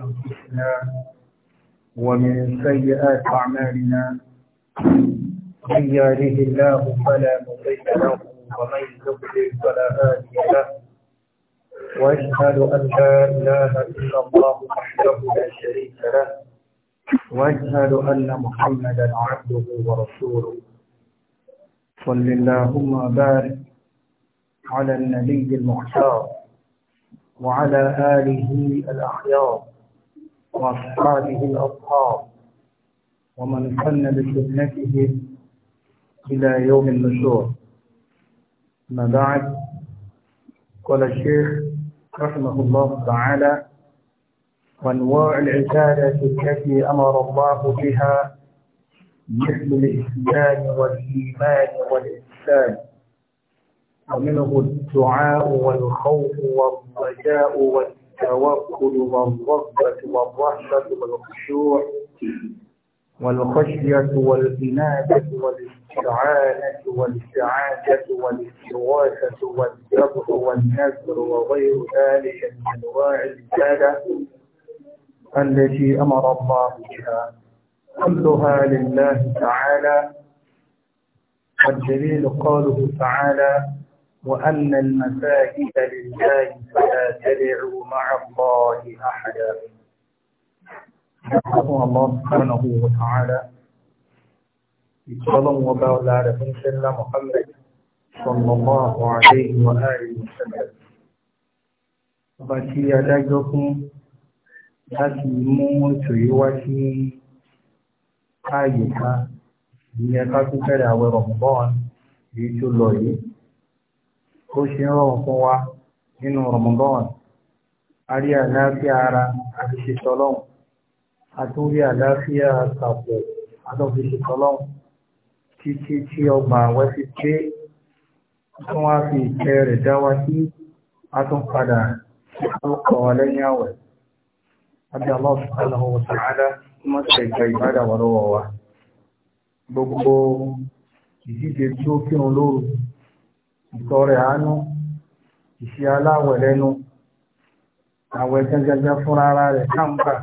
أنفسنا ومن سيئات أعمالنا من يهده الله فلا مضل له ومن يضلل فلا هادي له واشهد ان لا اله الا الله وحده لا شريك له واشهد ان محمدا عبده ورسوله صل اللهم بارك على النبي المختار وعلى اله الاخيار وأصحابه الأصحاب ومن سن بسنته إلى يوم النشور ما بعد قال الشيخ رحمه الله تعالى وانواع العبادة التي أمر الله بها مثل الإسلام والإيمان والإحسان ومنه الدعاء والخوف والرجاء والإحسان التوكل والرغبة والرحمة والخشوع والخشية والإنابة والاستعانة والسعادة والاستغاثة والذبح والنذر وغير ذلك من أنواع العبادة التي أمر الله بها كلها لله تعالى والدليل قوله تعالى وأن المساجد لله فلا تدعوا مع الله أحدا نحن الله سبحانه وتعالى يتظلم وباء الله سيدنا محمد صلى الله عليه وآله وسلم وباتي أدعوكم láti mú ètò yìí wá sí ààyè kan ìyẹn ká tún ó ṣe ń rọrùn fún wa nínú Ramadan a rí àlàáfíà ara àti ṣètọ́lọ́hùn a tún rí àlàáfíà àtàpọ̀ àtọ́fi ṣètọ́lọ́hùn títí tí ọgbà àwẹ́ fi pé tún wá fi ìtẹ́ rẹ̀ dá wa sí a tún padà sí àlùkọ̀ lẹ́yìn àwẹ̀ àbí Allah subhanahu wa ta'ala ṣe ìgbà ìbádà wà lọ́wọ́ wa gbogbo ìdíje tí ó kírun lóru ìtọrẹ àánú anụ aláwẹ̀ lẹ́nu àwẹ̀ gẹ́gẹ́gẹ́ fún ara rẹ̀ káńgbà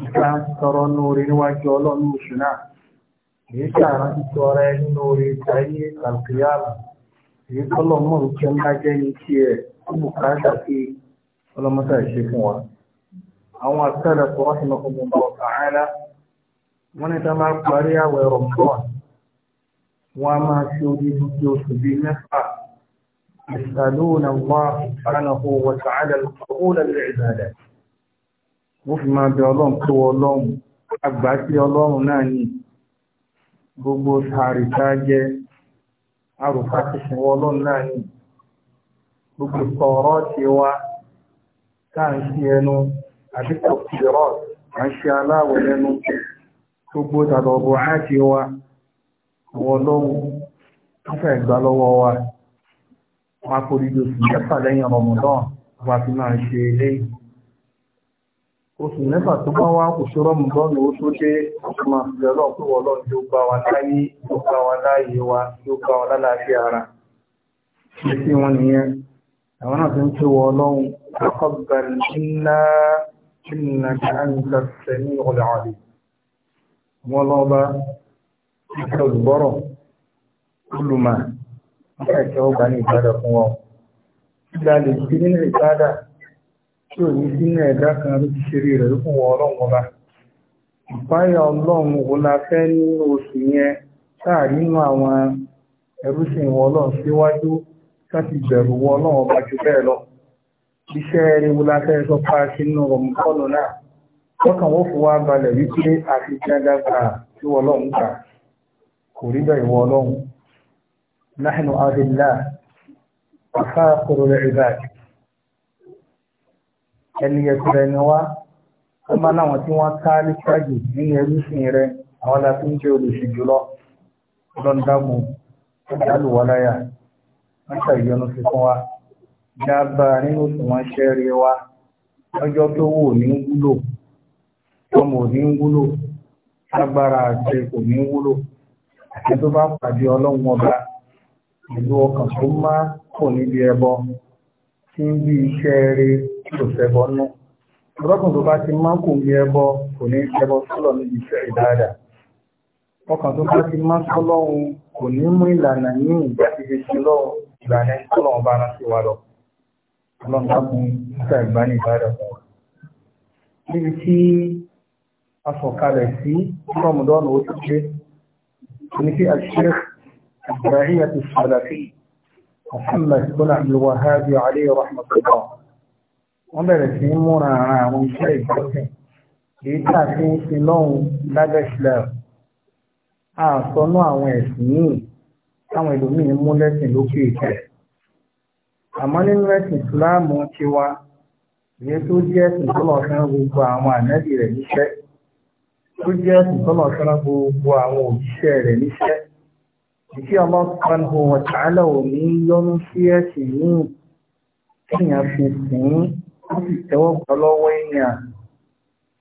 nípa tọrọ lóore níwájú ọlọ́run oṣù náà èyí tààrà títọrẹ lóore táyé àlùkìyàmù èyí tọ́lọ̀ mọ̀ wa àwọn àtẹ́lẹ̀ kọ́ ọ́sìn ọkọ̀ wọ́n a máa ṣe orí ní oṣù bíi mẹ́fà يسألون الله سبحانه وتعالى القبول للعبادات wọ́n fi máa bẹ ọlọ́run tó ọlọ́run àgbà sí ọlọ́run náà ní gbogbo sàárì tá a jẹ àrùfá ti fún ọlọ́run náà ní gbogbo sọ̀rọ̀ ti wá tá ń ṣe ẹnu àbí kò sí rọ̀ à aláwọ̀ lẹ́nu gbogbo tàbí á ti wá àwọn ọlọ́run wọ́n fẹ́ gbà lọ́wọ́ wa wọ́n akórídó sì mẹ́fà lẹ́yìn Ramadan wọ́n fi máa ṣe eléyìí oṣù mẹ́fà tó bá wá kò ṣọ́rọ̀ mọ́dọ́nù ó tó dé oṣù máa fi ọlọ́ pé ọlọ́run yóò gbà wá láyé yóò gbà wá láàyè wa yóò gbà wá lálàáfíà ara ṣe sí wọn nìyẹn àwọn náà fi ń pè wọ ọlọ́run taqabbal minna innaka anta as-sami'ul 'alim wọn lọ́ba ìfẹ́ olùgbọ́rọ̀ olùmọ̀ nígbà tí ó gbà ní ìbádà fún ọ. Ìgbà lè nínú ìbádà tí ò ní sí kan ló ti ṣe rí rẹ̀ fún wọn ọlọ́run ọba. Ìpáyà ọlọ́run la fẹ́ oṣù yẹn àwọn wọn ọlọ́run síwájú láti bẹ̀rù wọn ọlọ́run ọba pa náà. Wọ́n kàn wọ́n fún wa balẹ̀ wípé àfi tí kò rí bẹ́ẹ̀ wọ ọlọ́run nahnu adillah afaqru al-ibad ẹni ẹ̀sìrẹ̀ ni wá ó máa láwọn tí wọ́n ká ní ṣáàjì nínú ẹrúsìn rẹ àwọn láti ń jẹ́ olùsìn jùlọ lọ́ndàmù ìdálùwọ́láyà wọ́n ṣàyọnu sí fún wa dábàá nínú òsùn wọn ṣẹ́ rí wa lọ́jọ́ tó wò ní wúlò ọmọ ò ní wúlò agbára àti kò ní wúlò àti tó bá pàdé ọlọ́run ọba ìlú ọkàn tó má kò níbi ẹbọ tí ń bí iṣẹ́ rere kò ṣẹbọ nú ọlọ́kùn tó bá ti má kò ní ẹbọ kò ní ṣẹbọ sọ́lọ̀ níbi iṣẹ́ ìdáadáa ọkàn tó bá ti má sọ́lọ́run kò ní mú ìlànà ní ìgbà tí fi ṣe lọ́run ìlànà sọ́lọ́run bá rántí wa lọ ọlọ́run bá fún ìgbà ìgbani ìbàdàn fún wa níbi tí a sọ̀kalẹ̀ sí rọmọdọ́nù ó ti dé ونفي الشيخ الداعية السلفي محمد بن عبد الوهاب عليه رحمة الله وبرك منا من شيء بسيط يتعفين في لون لدى إسلام àsọnú àwọn ẹ̀sìn míì táwọn ẹlòmíì mú lẹ́sìn lókè ìtẹ́ àmọ́ nínú ẹ̀sìn ìsìláàmù tiwa ìyẹn tó jẹ́ ẹ̀sìn tó lọ́ọ́ fẹ́ gbogbo àwọn ànẹ́bì rẹ̀ níṣẹ́ tó jẹ́ ìtọ́nà sọ́nà gbogbo àwọn òṣìṣẹ́ rẹ̀ níṣẹ́ ìṣe ọmọ kan hù wọ́n tààlà ò ní yọnu sí ẹ̀sìn yìí kéèyàn fi sìn ó sì tẹ́wọ́ gbọ́ lọ́wọ́ èèyàn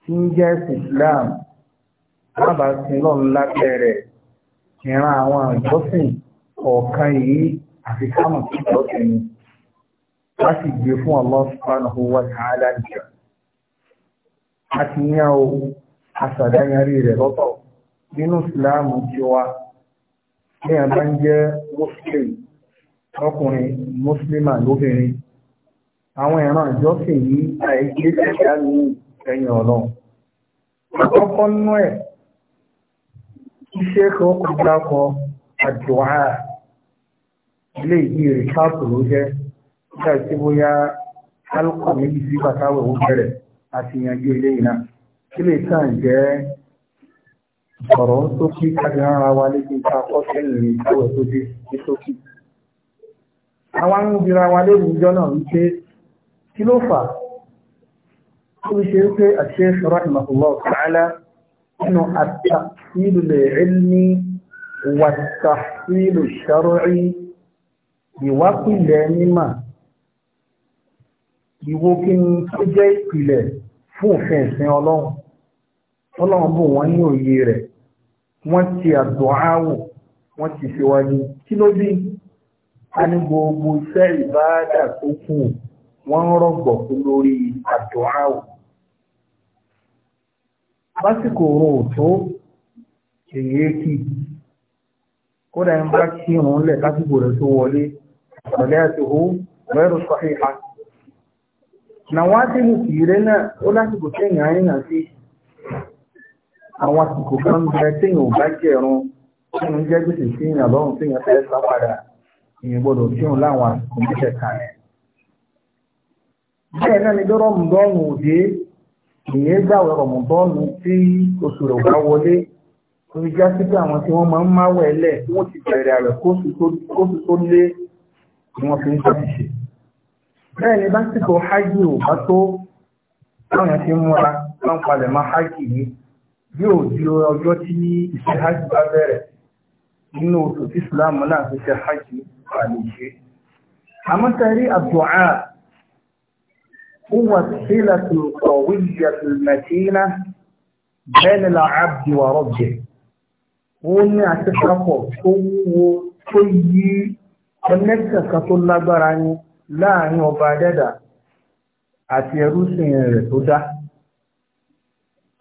tí ń jẹ́ Islam lábàásìn lọ́run lábẹ́ rẹ̀ ìran àwọn ìjọsìn kọ̀ọ̀kan yìí àti kámọ̀ sí ìjọsìn ni wọ́n sì gbé fún Allah subhanahu wa ta'ala nìkan. a ti yan àṣàdáyarí rẹ̀ lọ́tọ̀ nínú ìsìláàmù tiwa ní àbá ń jẹ́ muslim ọkùnrin muslima lóbìnrin àwọn ìran ìjọsìn yìí àìgbé ṣẹ̀dá ní ẹ̀yìn ọlọ́run àkọ́kọ́ nú ẹ̀ iṣẹ́ kan kò dákọ àdùá ilé ìdí rẹ̀ káàpù ló jẹ́ nígbà tí bóyá alukọ̀ méjì sí bàtàwẹ̀ ó bẹ̀rẹ̀ àti ìyànjú ilé yìí kí lè tàn jẹ́ ọ̀rọ̀ ń sókí kájọ ara wa lébi ká kọ́ sẹ́yìn ìwẹ̀ tó dé ní sókí. àwọn arúgbìnrin wa lè níjọ́ náà wípé kí ló fà ó fi ṣe wípé àṣẹ ṣọ́ra ìmọ̀kùnlọ́ ta'ala nínú àtàkìlù tó jẹ́ ìpìlẹ̀ fún òfin ìsìn ọlọ́run tọ́lọ́wọ́n bò wọ́n ní òye rẹ̀ wọ́n ti àdùnáwò wọ́n ti ṣèwádìí kí ló dé a ní gbogbo iṣẹ́ ìbáàdà tó kùn wọ́n rọ̀gbọ̀ kú lórí àdùnáwò. lásìkò oorun ò tó èyí kì kódà ń bá kí irun lẹ̀ lásìkò rẹ̀ tó wọlé àti owó sọ́hìn ha. nàwọn àwọn àsìkò kan bẹ téèyàn ò bá jẹ̀rún téèyàn ń jẹ́ gbèsè sí ìyàn lọ́rùn téèyàn fẹ́ sá padà èèyàn gbọ́dọ̀ kírun láwọn àsìkò mẹ́tẹ̀ẹ̀ta rẹ̀. bẹ́ẹ̀ náà ni dọ́rọ̀ mùbọ́ọ̀nù òde ìyẹn gbàwẹ̀ rọ̀mùbọ́ọ̀nù tí oṣù rẹ̀ bá wọlé orí já sí pé àwọn tí wọ́n máa ń máwẹ̀ lẹ̀ tí wọ́n ti bẹ̀rẹ̀ rẹ̀ kóṣù tó lé ni wọ́n fi ń tọ́ ṣe. bẹ́ẹ̀ ni lásìkò hajj ò bá tó láwọn ti ń múra láǹpalẹ̀ máa hajj yìí bí ò di ọjọ́ tí iṣẹ́ hajj bá bẹ̀rẹ̀ nínú oṣù tí islam náà fi ṣe hajj wà lè ṣe àmọ́ tẹ̀rí àdúà huwa silatu qawiyatu matina bayna al-abdi wa rabbih ó ní àṣepapọ̀ tó wúwo tó yí connection tó lágbára ní láàrin ọba dẹ́dà àti ẹrúsìn rẹ̀ tó dá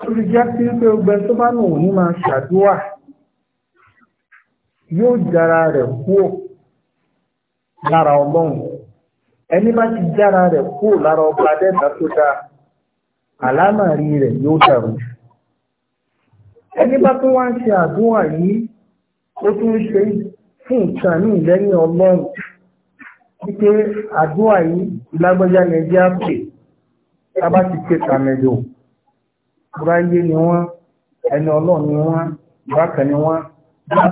lórí jẹ́ sí pé ọgbẹ́ tó bá nù ní máa ṣàdúrà yóò jára rẹ̀ kúò lára ọlọ́run ẹni bá ti jára rẹ̀ kúò lára ọba adẹ́ta tó dáa àlámàrí rẹ̀ yóò dàrú ẹni bá tó wá ń ṣe àdúrà yìí ó tún ṣe fún nǹkan ní ìlẹ́yìn ọlọ́run wípé àdúrà yìí lágbájá yẹn jẹ́ àpè tá a bá ti ké tàmẹ́lò buráyé ni wọ́n ẹni ọlọ́run ni wọ́n ìbákan ni wọ́n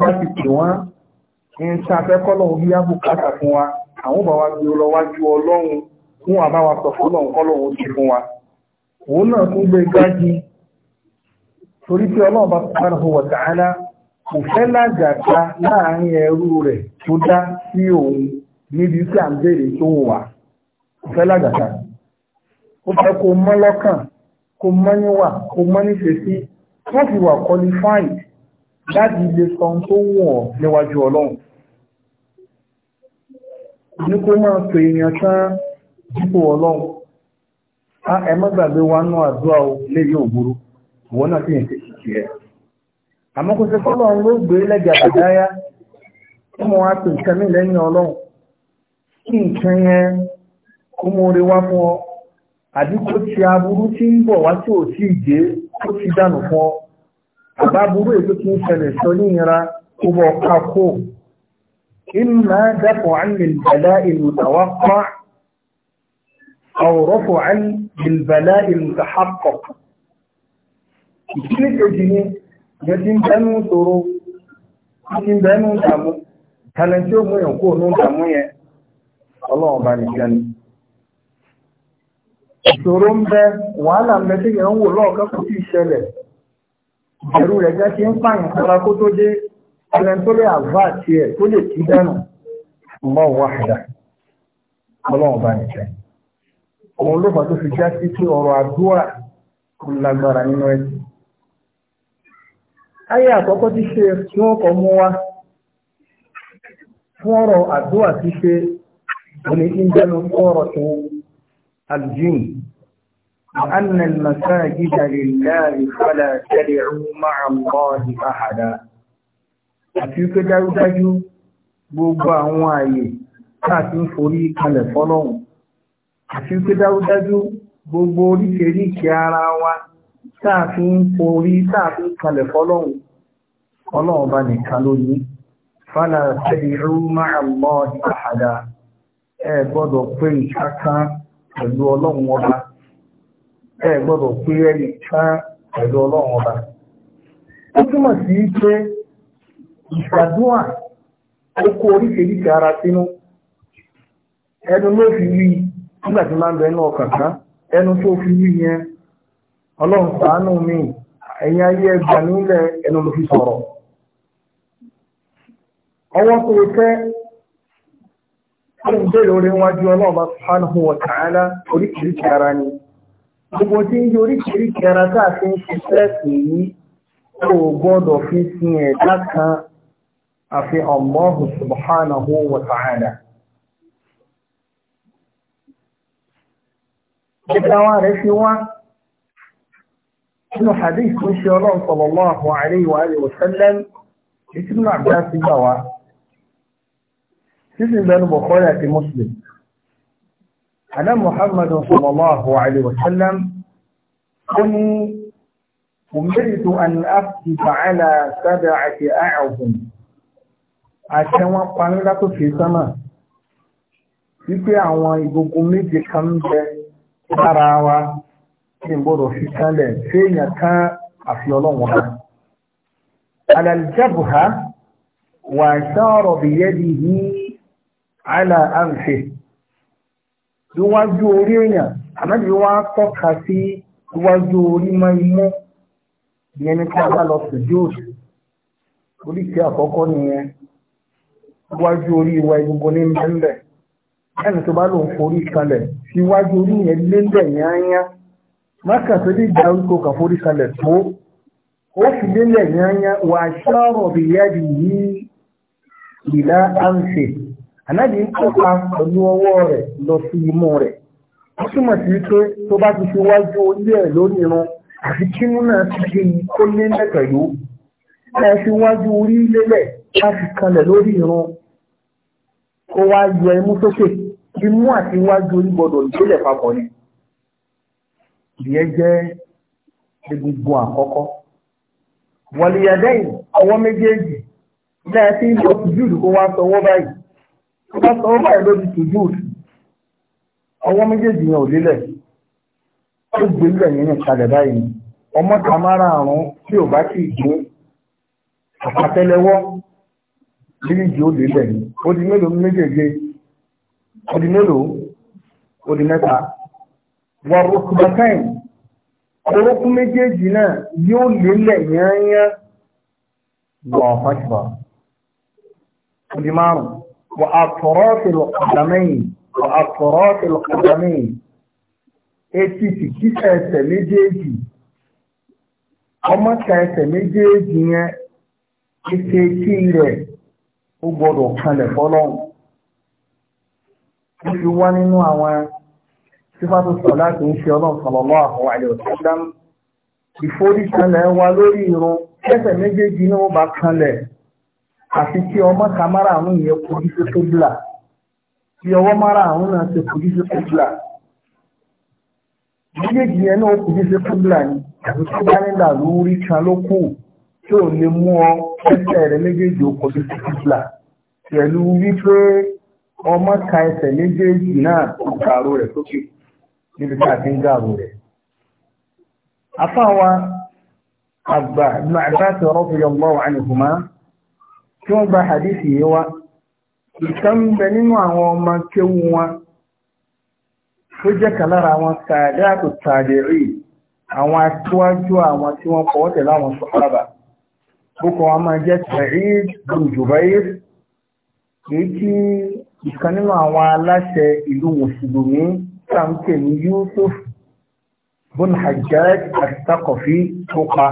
bá ti pè wọ́n ń ta afẹ́kọ́ lọ́wọ́ bí á bùkátà fún wa àwọn bá wa gbé lọ wájú ọlọ́run fún wa bá wa sọ fún ọlọ́run kọ́lọ́run ti fún wa òun náà tún gbé gájí torí pé ọlọ́run bá subhanahu wa ta'ala kò fẹ́ lájàta láàrin ẹrú rẹ̀ tó dá sí òun níbi tí à ń béèrè tó wà kò fẹ́ lájàta ó fẹ́ kó mọ́ lọ́kàn kò mọ́ níwà kò mọ́ níṣesí wọ́n fi wà qualified láti ilé san tó wọ̀ níwájú ọlọ́run ní kó máa pè èèyàn tán dípò ọlọ́run a ẹ má gbàgbé wa nú àdúrà o lè yóò burú ìwọ náà sì ń ṣe ṣìṣì ẹ àmọ́ kò sí fọ́lọ́run ló gbé lẹ́gbẹ̀ẹ́ àbádáyá tí mo wá pè nǹkan mí lẹ́yìn ọlọ́run kí nǹkan yẹn kó mú oore wá fún ọ àbí kó ti aburú tí ń bọ̀ wá tí ò tí ì dé kó ti dànù fún ọ àbá burú èyí tí ń ṣẹlẹ̀ sọ ní ìnira kó bọ̀ ká kó إما دفع للبلاء المتوقع أو رفع للبلاء المتحقق ìdílé kejì ni ìyẹ́ tí ń bẹ́nu ṣòro tí ń bẹ́nu ìdàmú tàlẹ́ntí ó mú èèyàn kúrò ní yẹn ọlọ́run bá nìkan ni ìṣòro ń bẹ wàhálà ń bẹ tí yẹn ń wò lọ́ọ̀kẹ́ kò sí ìṣẹ̀lẹ̀ ìbẹ̀rù rẹ̀ jẹ́ kí ń pààyàn sára kó tó dé ẹni tó lè àvá àti ẹ̀ tó lè kí mọ́ ọlọ́run bá òun ló fà tó fi já sí ọ̀rọ̀ àdúrà kò lágbára nínú ayé àkọ́kọ́ ti ṣe wọ́n mú fún ọ̀rọ̀ àdúrà ti الجن وأن المساجد لله فلا تدعوا مع الله أحدا àti wípé dájúdájú gbogbo àwọn ààyè láti ń forí kalẹ̀ àti wípé gbogbo oríkèéríkèé ara wa táàfi ń forí kalẹ̀ fọ́lọ́hun ọlọ́run bá nìkan ló ní fala tad'u ma'a Allahi ahada ẹ gbọ́dọ̀ pẹ̀lú ọlọ́run ọba ẹ gbọ́dọ̀ pé ẹni kan pẹ̀lú ọlọ́run ọba ó túmọ̀ sí pé ìṣàdúrà ó kó oríṣiríṣi ara sínú ẹnu ló fi rí nígbà tí máa ń bẹnu ọkàn kan ẹnu tó fi rí yẹn ọlọ́run ṣàánú mi fún ìbéèrè orí wájú ọlọ́ọ̀bá subhanahu wa ta'ala oríṣiríṣi ara ni gbogbo tí ń di oríṣiríṣi ara tá a fi ń ṣiṣẹ́ sí yìí kò gbọ́dọ̀ fi sin ẹ̀dá kan àfi Allahu subhanahu wa ta'ala. Ìdáwà rẹ̀ fi wá nínú hadith tó ṣe ọlọ́run sallallahu alaihi wa sallam ìtìmọ̀ àbúrá sí gbà wá. sísì ìgbẹ́nu Bukhari àti Muslim àná Muhammadu sallallahu alaihi wa sallam ó ní òmìniritò àni áfì fàálà sábà àti àìhùn àti wọn parí látòkè sánmà wípé àwọn ìgbógun méje kan ń bẹ lára wa tí n gbọ́dọ̀ fi kálẹ̀ fẹ́yìn kan àfi ọlọ́wọ́n bá. alàlìjábùhá wà sáọ̀rọ̀ bìyẹ́ di àìlà àǹfẹ níwájú orí èèyàn àmọ́bí wá tọ́ka sí níwájú orí mọ́ imú ìyẹn ní ká bá lọ sùjúùsù oríṣi àkọ́kọ́ nìyẹn níwájú orí ìwà egungun ní mẹ́ńbẹ̀ ẹni tó bá lòun forí kalẹ̀ síwájú orí yẹn lélẹ̀ yányá mákà tó lè dá orí kò forí kalẹ̀ tó ó fi lélẹ̀ yányá wà á ṣọ́rọ̀ bìyà bìyí ìlà àǹfẹ̀ ànábì ń tọ́ka pẹ̀lú ọwọ́ rẹ̀ lọ sí imú rẹ̀ ó túmọ̀ sí wípé tó bá ti fi wájú orí ẹ̀ lónìí run àfi kínú náà ti gé yín kó lé mẹ́tẹ̀lú ẹ fi wájú orí lélẹ̀ láti kanlẹ̀ lórí irun kó wá yọ imú sókè imú àti wájú orí gbọdọ̀ lélẹ̀ papọ̀ ni ìyẹn jẹ́ egungun àkọ́kọ́ wọ̀lìyàdẹ́yìn ọwọ́ méjèèjì náà ti ń lọ sí júùdù wá sọ ọwọ́ báyìí tó bá sọ ọ́ báyìí lórí tùjúùd ọwọ́ méjèèjì yẹn ò lélẹ̀ ó gbé lẹ̀ yẹn kalẹ̀ báyìí ọmọ tamara àrùn tí ò bá sì gbé àpàtẹ́lẹwọ́ méjèèjì ó lélẹ̀ ni ó di mélòó méjèèjì ó di mélòó ó di mẹ́ta wà rúkúbátáìn orúkún méjèèjì náà yóò lélẹ̀ yányán wà ọ̀fàṣùwà ó di márùn وأطراف القدمين وأطراف القدمين etí kìkísà ẹsẹ̀ méjèèjì ọmọkà ẹsẹ̀ méjèèjì yẹn ètè etí rẹ̀ ó gbọ́dọ̀ kanlẹ̀ fọ́lọ́run ó fi wá nínú àwọn sífàtò sọ̀lá tó ń ṣe ọlọ́run sallallahu alaihi wasallam ìforíkanlẹ̀ wa lórí irun ẹsẹ̀ méjèèjì ni ó bá kanlẹ̀ àfi kí ọmọ ka mara àwọn yẹn kojú sí kébìlà kí ọwọ́ mara àwọn náà ṣe kojú sí kébìlà méjèèjì yẹn náà kojú sí kébìlà ni àfi kí bá ní làlúrí kan ló kù tí ò lè mú ọ ẹsẹ̀ rẹ méjèèjì ó kojú sí kébìlà pẹ̀lú wípé ọmọ ka ẹsẹ̀ méjèèjì náà kò gàrú rẹ̀ sókè níbi tá a ti ń gàrú rẹ̀. afáwa àgbà ibn Abbas radiyallahu anhuma tí wọ́n gba hadith yìí wá ìkan ń bẹ nínú àwọn ọmọ kéwu wọn tó jẹ́ kan lára àwọn sàdáàtù tàbírí àwọn aṣíwájú àwọn tí wọ́n fọwọ́ tẹ̀lé àwọn sọ́kọ́lábà bókọ̀ wọn máa jẹ́ Sa'id bin Jubair èyí ìkan nínú àwọn aláṣẹ ìlú mùsùlùmí sàǹkè ní Yusuf bin Hajjaj àti Thaqafi tó pa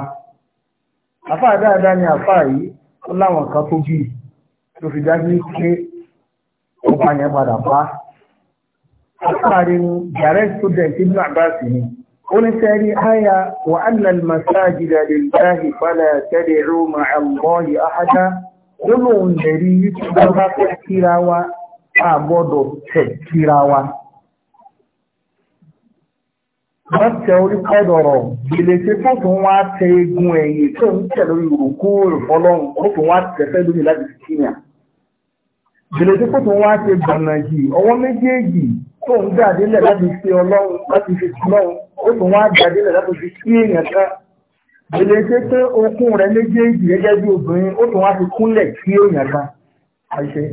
àfáà dáadáa ni àfáà yìí ó láwọn kan tó bí tó fi dájú pé ọba yẹn padà bá látàrí direct student ibn abbas ni ó ní sẹ́rí àyà wà annal masajida lillahi fala tad'u ma'a Allahi ahada lónà òǹdẹ̀rí yìí tó bá fẹ́ kíra wa àgbọ́dọ̀ tẹ̀ kíra wa wọ́n tẹ orí kọ́dọ̀rọ̀ ìlèṣe tó tún wá tẹ egun ẹ̀yìn tó ń tẹ̀ lórí òkú ìfọlọ́run ó tún wá tẹ̀fẹ́ lórí láti kíyàn ìlèṣe tó tún wá tẹ gbọ̀nà yìí ọwọ́ méjèèjì tó ń dàdélẹ̀ láti fi ọlọ́run láti fi ọlọ́run ó tún wá dàdélẹ̀ láti fi kí èèyàn kan ìlèṣe pé okun rẹ̀ méjèèjì gẹ́gẹ́ bí obìnrin ó tún wá fi kúnlẹ̀ kí èèyàn kan àìṣe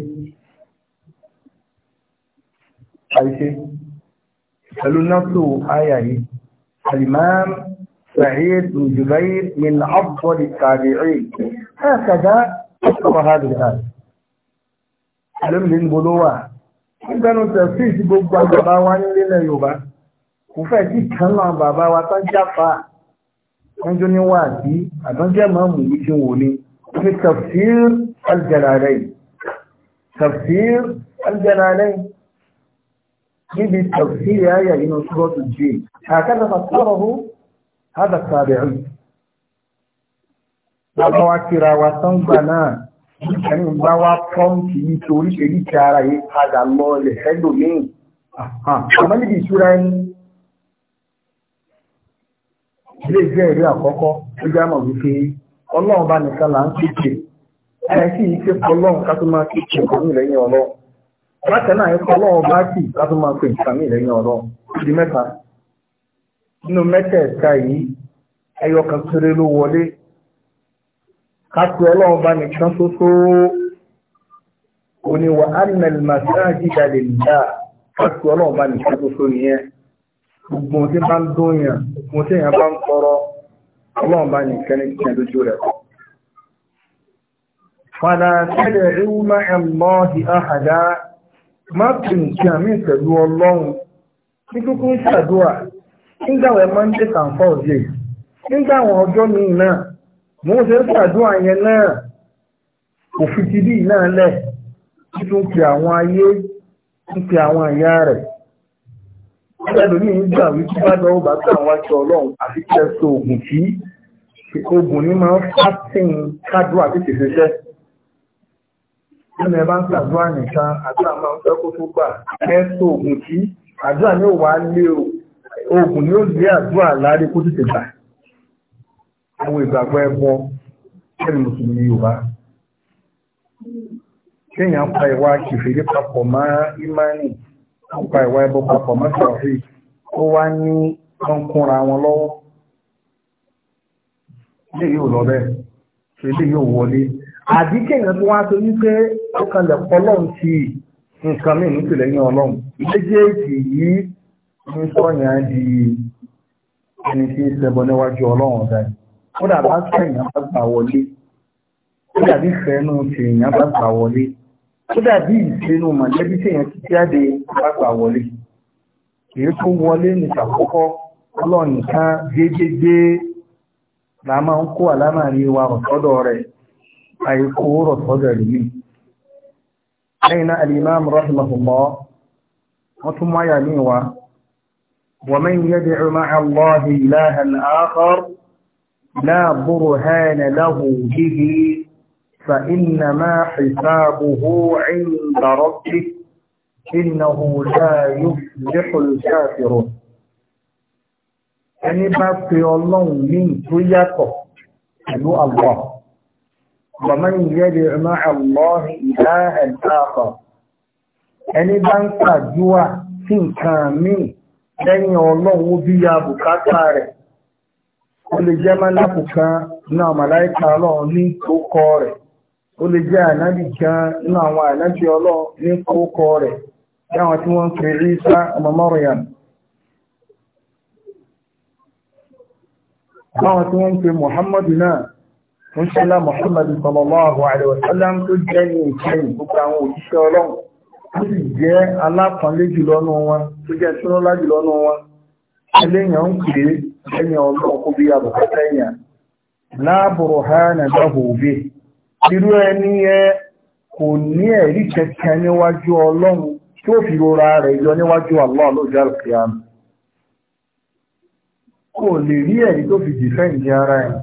àìṣe pẹ̀lú nọ́tò àyà yìí alimam sa'id bin jubair min afdal tabi'in hakada ọkọ̀ hadhihi al alẹ́mìlẹ́ gbogbo wà nígbẹ́nu tẹ̀sí ti gbogbo bàbá wa nílẹ̀ yorùbá kò fẹ́ sí kan náà bàbá wa tán jáfa wọ́n jó ní wà sí àtúnjẹ́ máa mú ìṣin wò ni ní tafsir al-jalalayn tafsir al-jalalayn níbi tafsiri ayà inú ṣúrọ́tù jí àkádà a hádà tàbí'ù bàbá wa kíra wa tán gbà náà ẹni bá wá pọ́ǹkì yìí torí ṣèlú ti ara yìí padà lọ lẹ̀ ẹ́lò míì àmọ́ níbi ìṣúra ẹni ilé jẹ́ ìrí àkọ́kọ́ tó já mọ̀ Kike. ọlọ́run bá nìkan bákan náà ẹ̀kọ́ ọlọ́run bá kì láti máa pè nǹkan mí lẹ́yìn ọ̀rọ̀ di mẹ́ta nínú mẹ́tẹ̀ẹ̀ta yìí ẹyọ kan péré ló wọlé kápẹ́ ọlọ́run bá nìkan ṣoṣo òní wa anel masajida lillah kápẹ́ ọlọ́run bá nìkan ṣoṣo nìyẹn gbogbo tí bá ń dún yàn gbogbo tí yàn bá ń bá nìkan ní lójú má pè nǹkan àmì ìṣẹ̀lú ọlọ́run ní kúkú ń ṣàdúrà nígbà wẹ̀ monday and thursday nígbà àwọn ọjọ́ míì náà mo ṣe ń ṣàdúrà yẹn náà òfin ti bí náà lẹ̀ títún pe àwọn ayé ń pe àwọn àyà rẹ̀ ẹlòmíì ń gbà wípé bá lọ́wọ́ bá tó àwọn aṣọ ọlọ́run àti kí ẹ so oògùn tí oògùn ní máa ń fásìn kádùn àti tètè nínú ẹ bá ń ṣàdúrà nìkan àdúrà máa ń fẹ́ kó tó gbà ẹ tó oògùn tí àdúrà ní ò lé o oògùn ní ó lé àdúrà láre kó tètè gbà àwọn ìgbàgbọ́ ẹbọ kẹ́mi mùsùlùmí yorùbá kéèyàn pa ìwà kìfèrè papọ̀ mọ́ ìmánì wọ́n pa ìwà ẹbọ papọ̀ mọ́ tàwí ó wá ní wọ́n kúnra wọn lọ́wọ́ ilé yóò lọ bẹ́ẹ̀ ilé yóò wọlé àdí tó wá sọ wípé ó kalẹ̀ pọ́lọ́n ti nǹkan mí nípìnlẹ̀ ní ọlọ́run méjèèjì yìí ní sọ́yìn á di ẹni tí ń ṣẹbọ níwájú ọlọ́run ọ̀dà yìí ó dà bá sẹ́yìn bá gbà wọlé ó dàbí fẹ́ẹ́nu tèèyàn bá gbà wọlé ó dàbí ìṣẹ́nu mọ̀lẹ́bí tèèyàn ti jáde bá gbà wọlé èyí tó wọlé ní ṣàkọ́kọ́ ọlọ́run nìkan gbégbégbé là máa ń kó àlámàrí wa ọ̀sọ́dọ̀ rẹ̀ àìkú rọ̀sọ́dọ̀ rẹ̀ mìíràn أين الإمام رحمه الله وثم يعني ومن يدع مع الله إلها آخر لا برهان له به فإنما حسابه عند ربه إنه لا يفلح الكافر أني ما في الله من تياكو الله ومن يدع مع الله إلها آخر ẹni bá ń pàdúwà sí nǹkan míì lẹ́yìn ọlọ́run bí ya bùkátà rẹ̀ ó lè jẹ́ mọ́lápù kan náà màláìka ọlọ́run ní kókọ rẹ̀ ó lè jẹ́ ànábì kan náà àwọn ànábì ọlọ́run ní kókọ rẹ̀ láwọn tí wọ́n ń pè Ìsá ọmọ Mọ́ríyàm tí wọ́n ń pè Muhammadu náà Mùsùlùmá Muhammad sallallahu alaihi wasallam tó jẹ́ ní ìkẹyìn gbogbo àwọn òjíṣẹ́ ọlọ́run tó sì jẹ́ alápọ̀nlé jùlọ wọn tó jẹ́ wọn. Ẹlẹ́yìn ń pè ọlọ́run kó bí Láàbùrù ha nà òbí. Irú ẹni kò ní ẹ̀rí níwájú ọlọ́run fi rora rẹ̀ yọ níwájú Kò lè rí ẹ̀rí tó fi dìfẹ́ǹdì ara ẹ̀.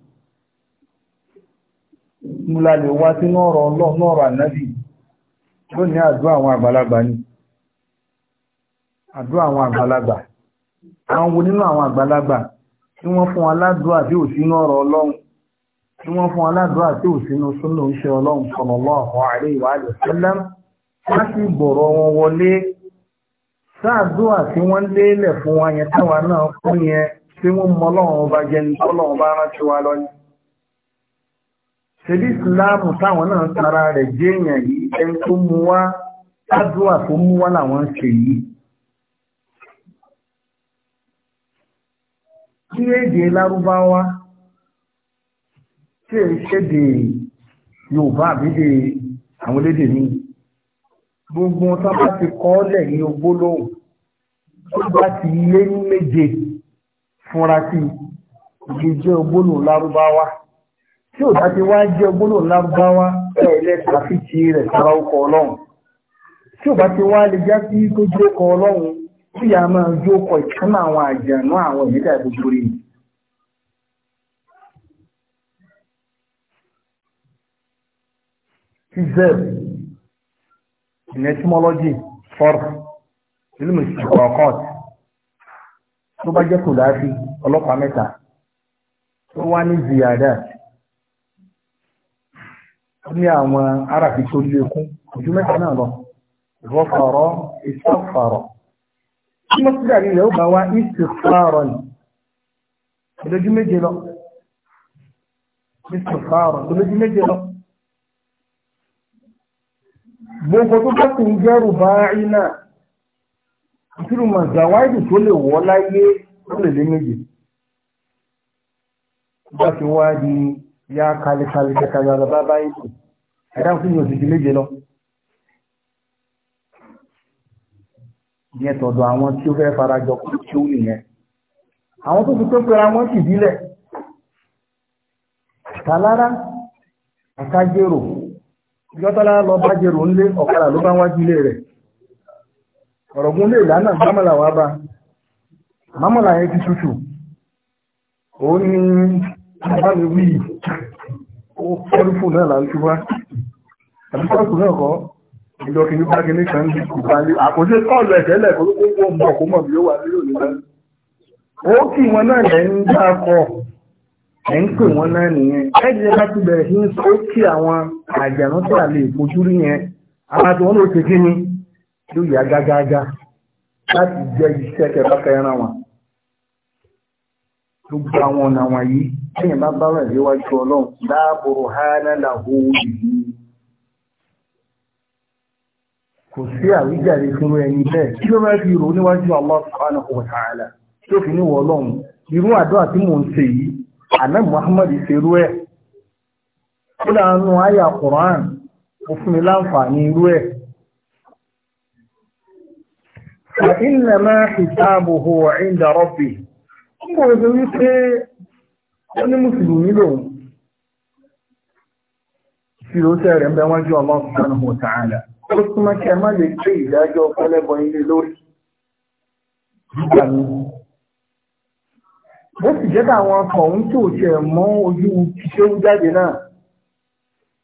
múlá lè wá sí nọ́ọ̀rọ̀ ọlọ́ọ̀rọ̀ ànábì tó ní àdúrà àwọn àgbàlagbà ni àdúrà àwọn àgbàlagbà àwọn wo nínú àwọn àgbàlagbà tí wọ́n fún aládùúrà tí ò sínú ọ̀rọ̀ ọlọ́run tí wọ́n fún aládùúrà tí ò sínú súnà ọlọ́run sallallahu ọlọ́run ọba jẹni tọ́lọ́run ṣebí ìsìláàmù táwọn náà tara rẹ̀ jẹ́yàn yìí ẹni tó mú wá àdúrà tó mú wá làwọn ń ṣe yìí tí èdè lárúbáwá tí è ṣédè yorùbá àbídè àwọn elédè mi gbogbo tó bá ti kọ́ọ́lẹ̀ ní ogbólóhùn tó bá ti lé ní méje fúnra sí ìgbéjẹ́ ogbólóhùn lárúbáwá. tí ò bá ti wá jẹ́ gbólò lágbáwá ẹ̀ẹ́lẹ́ àfíìtì rẹ̀ sára ọkọ̀ ọlọ́run tí ò bá ti wá lè já sí tó jókọ̀ ọlọ́run tí ìyá máa jókọ̀ ìkánná àwọn àjànú àwọn ìyíká ìbòjú rí tó bá jẹ́ kò láti ní àwọn aráàfin tó lékún ojú mẹ́ta náà lọ ìwọ́fọ̀rọ̀ ìsọ̀fọ̀rọ̀ tí wọ́n ti dàrí rẹ̀ ó bá wá ìsìfọ̀rọ̀ ni ìlójú méje lọ ìsìfọ̀rọ̀ ìlójú méje lọ gbogbo tó bá ti ń jẹ́rù bá rí náà ìtìrù màzàwáìdì tó lè wọ́ láyé ó lè lé méje bá ti wá di ya kalikali kẹkẹrẹ bàbá báyìí ẹ̀dá fún yóò dìdí méje lọ ìyẹn tọ̀dọ̀ àwọn tí ó fẹ́ farajọ kú tí ó nìyẹn àwọn tó fi tó pera wọn sì dílẹ̀ tàlára àkájèrò ìjọ́tọ́lá lọ bá jèrò ńlé ọ̀kadà ló bá wájú ilé rẹ̀ ọ̀rọ̀gún lè lánàá mámàlà wá bá mámàlà yẹn ti tútù ó ní àbámi wí ó kẹ́rùfù náà là ń tú wá àbí kọ́ọ̀tù náà kọ́ ìjọ kìíní bá kìíní kan bí kò bá àkóṣe kọ́ọ̀lù ẹ̀tẹ́lẹ̀ kó kó mọ̀ kó mọ̀ bí ó wà nílò nígbà ó kì wọn náà lẹ́ ń dá kọ ẹ̀ wọn náà nìyẹn bá ti bẹ̀rẹ̀ sí ó àwọn àjànú tí a lè fojú rí yẹn àwọn àti wọn ló ṣe kí ni láti gbogbo àwọn ọ̀nà wọ̀nyí ẹ̀yìn bá bá rẹ̀ léwájú ọlọ́run láàbòrò hánà làwọ̀ òyìnbí kò sí àwíjàre fún ẹni bẹ́ẹ̀ tí ó bá fi rò níwájú tí ó fi ọlọ́run فإنما حسابه عند ربه nígbà tó wí pé ó ní mùsùlùmí lòun ìfìròsẹ́ rẹ̀ ń bẹ wájú Allah subhanahu wa ta'ala ó súnmọ́ kí ẹ má lè gbé ìdájọ́ pẹ́lẹ́bọ ilé lórí nígbà mi ó sì jẹ́ káwọn ọkọ̀ ń tò tiẹ̀ mọ́ ojú ṣé ó jáde náà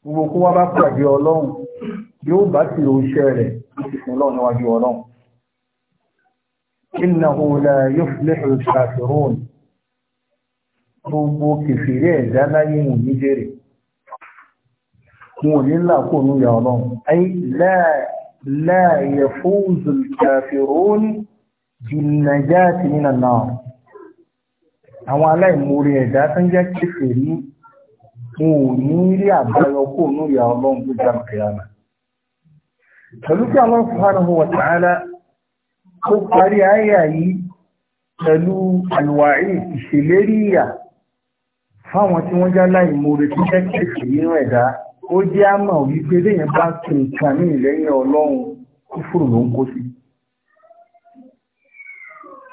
gbogbo kó wá bá pàdé ọlọ́run yóò bá sì ròṣẹ́ rẹ̀ ó sì fún ọlọ́run níwájú ọlọ́run إنه لا يفلح الكافرون بو كفيري زمن نجري قول لا قولوا يا أي لا لا يفوز الكافرون بالنجاة من النار أو على مولي ذات نجا كفيري مولي أبا يكونوا يا الله بجمع قيامة فلوك الله سبحانه وتعالى ó parí àyà yìí pẹ̀lú àlùwàrí ìṣèlérí ìyà fáwọn tí wọ́n já láì mórè tí kẹ́kẹ́kẹ́ nínú ẹ̀dá ó jẹ́ àmà wípé lèyàn bá kí nǹkan ní ìlẹ́yìn ọlọ́run kó fòrò ló ń kó sí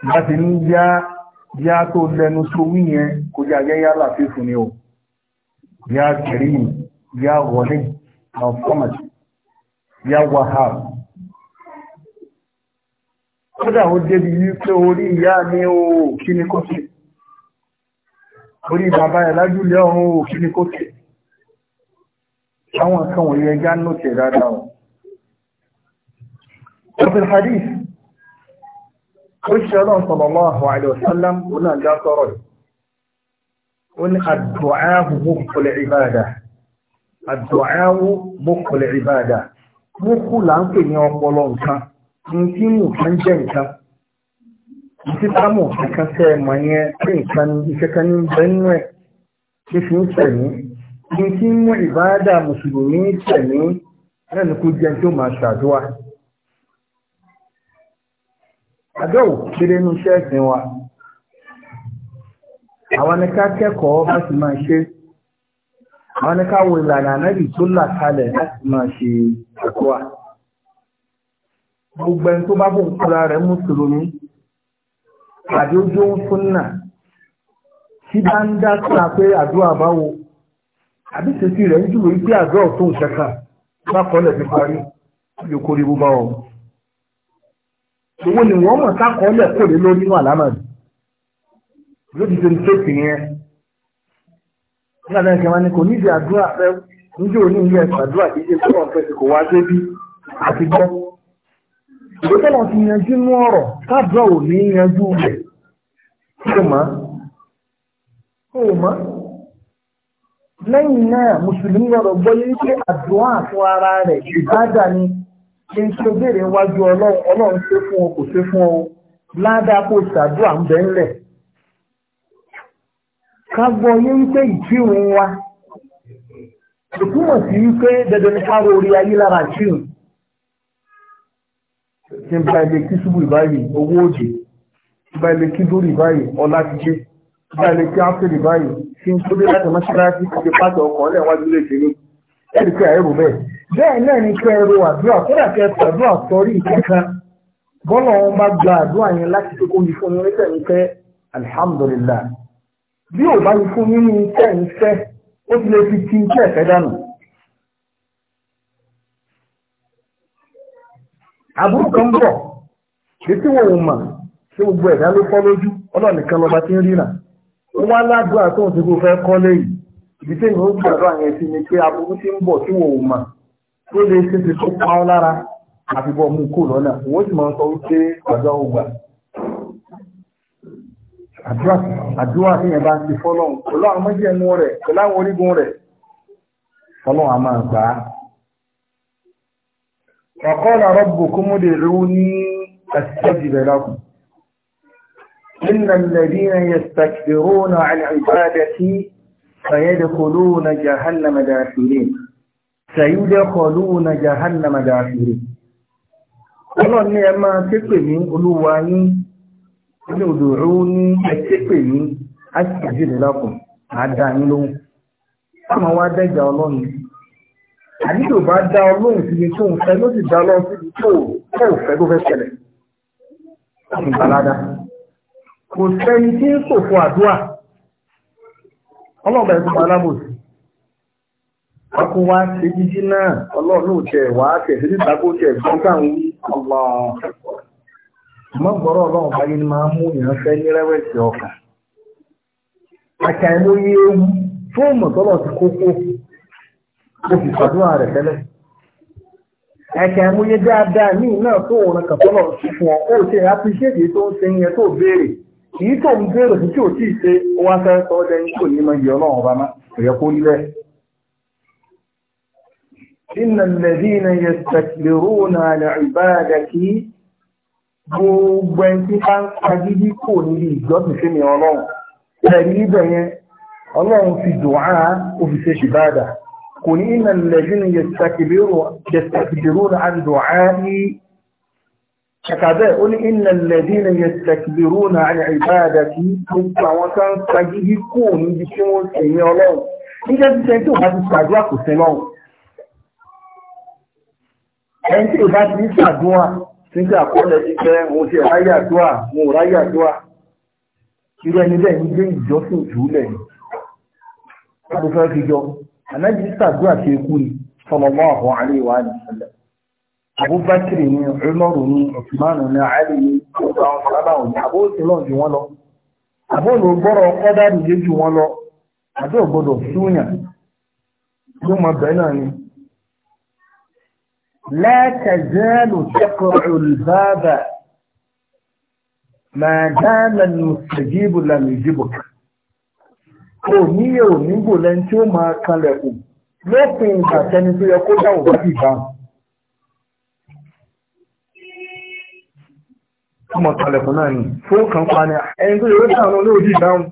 bá ti ní yá yá tó lẹnu tó wí yẹn kó já yẹ́yá láfífún ni o yá kẹrí yá wọlé àwọn fọ́màtì yá wahab kódà ó débi wípé orí ìyá ní oó kí ni kó tẹ̀ orí bàbá ẹ̀ lájúlẹ̀ ọ̀run oó kí ni kó tẹ̀ àwọn kan wọ̀nyí ẹja ń lòtẹ̀ dáadáa ọ̀ ọ̀fẹ́ hadith ó ṣe ọlọ́run sallallahu alaihi wasallam ó náà já sọ̀rọ̀ ó ní àdùáhù mọ́kùlẹ̀ ìbáadà àdùáhù mọ́kùlẹ̀ ìbáadà mọ́kù là ń pè ní ọpọlọ nǹkan ní tí nǹkan jẹ́ nǹkan ìtí támọ̀ nǹkan tẹ́ ẹ no yẹn pé nǹkan ní iṣẹ́ kan ní bẹ́ẹ̀nù ẹ̀ ṣe fi ń tẹ̀mí ní tí mú ìbáradà mùsùlùmí tẹ̀mí náà ní kó jẹ́ tó máa ṣàdúrà. àdéhùn àwọn ni ká kẹ́kọ̀ọ́ bá sì máa ṣe àwọn ni ká wo ìlànà ànábì tó là kalẹ̀ láti máa ṣe àkọ́wà gbogbo ẹni tó bá bò ń kóra rẹ̀ mùsùlùmí àbí ojú ń súnnà tí bá ń dá síra pé àdúrà báwo àbí tètè rẹ̀ ń jùlọ pé àdúrà tó ń ṣẹ̀ka bá kọ́lẹ̀ fi parí yóò kórè bó bá wọn. Owó ni wọ́n mọ̀ ká kọ́lẹ̀ kò lé lórí inú àlámà rẹ̀. Yóò ti ṣe ní ṣéèkì yẹn. Nígbà tí wọ́n ní kò nídìí àdúrà rẹ̀ níjó ní ilé ẹ̀sìn àdúrà kì í ṣe kó wọn fẹ́ kò wá débi àti gbọ́ ìwé tọ́lọ̀ ti yanjú mú ọ̀rọ̀ káàdùrà ò ní yanjú rẹ̀ kò má kò má lẹ́yìn náà mùsùlùmí ọ̀rọ̀ gbọ́yé wípé àdúrà fún ara rẹ̀ ìbádà ni kí n tó béèrè wájú ọlọ́run ọlọ́run ṣe fún ọ kò ṣe fún ọ ládàá kó ṣàdúrà ń bẹ ńlẹ̀ ká gbọ́yé wípé ìkírun wa ìkúmọ̀ sí wípé dandan ní ká ro orí ayé lára tí ń bá ilé kí ṣubú ìbáyìí owó òjì tí bá ilé kí lórí ìbáyìí ọlá ti dé tí bá ilé kí áfírí ìbáyìí tí ń tóbi láti mọ́ṣáláṣí ti pàtó ọkàn lẹ́wájú lè ṣe ní ẹ̀rí pé àìrò bẹ́ẹ̀. bẹ́ẹ̀ náà ni kẹ́ ẹ ro àdúrà kódà kẹ́ ẹ pàdúrà sọrí ìkankan bọ́lá wọn bá gba àdúrà yẹn láti tó kó yí fún yín níta ní fẹ́ alihamudulilayi bí ò bá yí fún yín ní iṣẹ́ ìfẹ́ ó ti lè fi ti iṣẹ́ ìfẹ́ dànù àbúrò kan bọ̀ ṣé tí wọ́n mà ṣé gbogbo ẹ̀dá ló fọ́ lójú ọlọ́run nìkan lọ́ba tí ń ríran wọ́n aládùn àtọ́hùn tí kò fẹ́ kọ́ lẹ́yìn ìdí tí ìwọ́n gbàdúrà yẹn sí ni pé aburú ti ń bọ̀ tí wọ́n mà tó lè ṣe ti tó pa ọ́ lára àfi bọ́ mú kó lọ́nà wọ́n sì máa ń sọ wípé ọ̀dọ́ ògbà àdúrà tí yẹn bá ti fọ́lọ́hùn pẹ̀lú àwọn méjì ẹnu rẹ̀ pẹ̀lú àwọn orígun rẹ̀ fọ́lọ́hùn a máa gbà á فقال rọ́bù kú mú dèrú ní àtẹ́jìbẹ̀ lákù inna lalina ya stakbiru na al'ibadati sayadakuluna jahannama dafirin sayadakuluna jahannama dafirin ọlọ́run ni ẹ máa tẹ́pẹ̀ ní olúwa yín ilé òdòrò ní ẹtẹ́pẹ̀ ní àtẹ́jìbẹ̀ lákù àdáyín lóhun. Àmọ́ wá dẹ́jà ọlọ́run àníkò bá dá ọlọ́run síbi tó ń fẹ́ ló sì dá lọ síbi tó ò fẹ́ tó fẹ́ ṣẹlẹ̀ ní balada kò sẹ́ni tí ń kò fún àdúrà ọlọ́ọ̀bà ẹ̀kọ́ alábòsí wákò wá ṣe jíjí náà tẹ̀ wá tẹ̀ tẹ̀ wí ọlọ́ ọlọ́run ni máa mú èèyàn fẹ́ ní rẹ́wẹ̀sì ewu tọ́lọ̀ ti kókó ó fi ṣàdúrà rẹ̀ tẹ́lẹ̀. ẹ̀kẹ́ àmúyẹ dáadáa ní náà tó òun kan tọ́lọ̀ sí fún ọ ó ṣe àpíṣẹ́dì tó ń ṣe yẹn tó béèrè kì í tó ń béèrè fún tí ò tí ì ṣe ó wá fẹ́ sọ ọdẹ ní kò ní mọ iye ọlọ́run ọba má kò yẹ kó rí bẹ́ẹ̀. إن الذين يستكبرون عن عبادتي gbogbo ẹni tí bá ń pagídí kò níbi ìjọsìn fún mi ọlọ́run ẹ̀rí ibẹ̀ yẹn ọlọ́run fi dùn á ó fi kò ní iná lẹ́jú ni yẹ̀sàkìbìrún àdùn àárí ṣàkàbẹ́ ó ní iná lẹ́jú ni yẹ̀sàkìbìrún àárí ìbáadà tí gbogbo àwọn kan sagídí kò níbi tí wọ́n sì ní ọlọ́run nígbà tí sẹ́ńtì ò bá ti ṣàdúrà kò sí lọ́run ẹni tí ò bá ti ṣàdúrà nígbà àkọọ́lẹ̀ ti fẹ́ òun ti ráyè àdúrà òun ráyè àdúrà irú ẹni bẹ́ẹ̀ ń gbé ìjọsìn jù lẹ̀ ní. Wọ́n fẹ́ fi jọ ànábì sàdúrà sí ikú ni sallallahu alaihi wa sallam abubakar ni umaru ni usman ni ali ni ọgbà àwọn sábà wọn ni àbó òsì náà ju wọn lọ àbó لا تزال تقرع الباب ما دام المستجيب لم يجبك kò níyẹ ò nígbò lẹ́ni tí ó máa kanlẹ̀kùn lópin ìgbà tẹni tó yẹ kó dáwọ̀ bá dìgbà. ọmọ kanlẹ̀kùn náà ni fún kan pa ni ẹni tó yẹ kó dáwọ̀ lóò dìgbà ń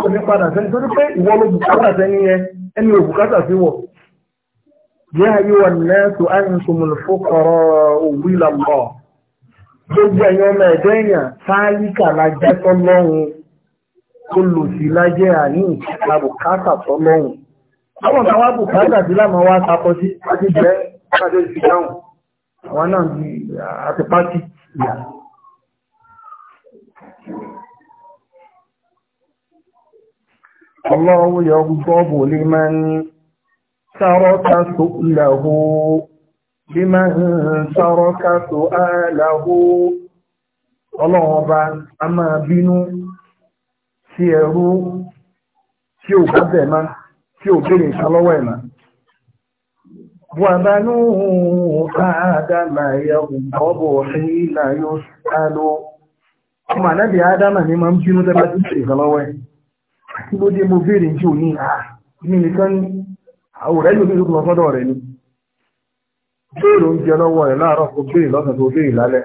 kò ní padà sẹ́ni tó ní pé ìwọ ló bùkátà sẹ́ni yẹn ẹni ò bùkátà sí wọ̀. yẹ́ ayé wa nẹ́ẹ̀tù antumul fuqara ila Allah gbogbo ẹ̀yọ́ ọmọ ẹ̀dọ́ èèyàn sáálíkà la jẹ́ olùsìlájẹ́ àyín ìṣẹ́ta bùkátà tọ́lọ́hùn àwọn tàwà bùkátà bí láàmà wá tapọ̀ sí àjíjẹ́ pàdé sí dáhùn àwọn náà ní àtipátì ìyà ọlọ́wọ́ yọ gbọ́bù lè máa ń sárọ́ta tó lẹ́hó lè máa ń sárọ́ta tó á lẹ́hó ọlọ́wọ́ bá a tí ẹrú tí ò bá bẹ̀ má tí ò béèrè nǹkan lọ́wọ́ ẹ̀ má. Wàbánú Ádámà yẹ ọ̀bọ̀ ìlà yóò sálọ. Ọmọ ànábì Ádámà ni máa ń bínú tẹ́lá tí ó nǹkan lọ́wọ́ ẹ̀. Kí ló dé mo béèrè tí ní à mí nìkan àwòrán yóò nílùú lọ sọ́dọ̀ rẹ̀ ni. Béèrè oúnjẹ lọ́wọ́ rẹ̀ láàárọ̀ kó béèrè lọ́sàn tó béèrè lálẹ́.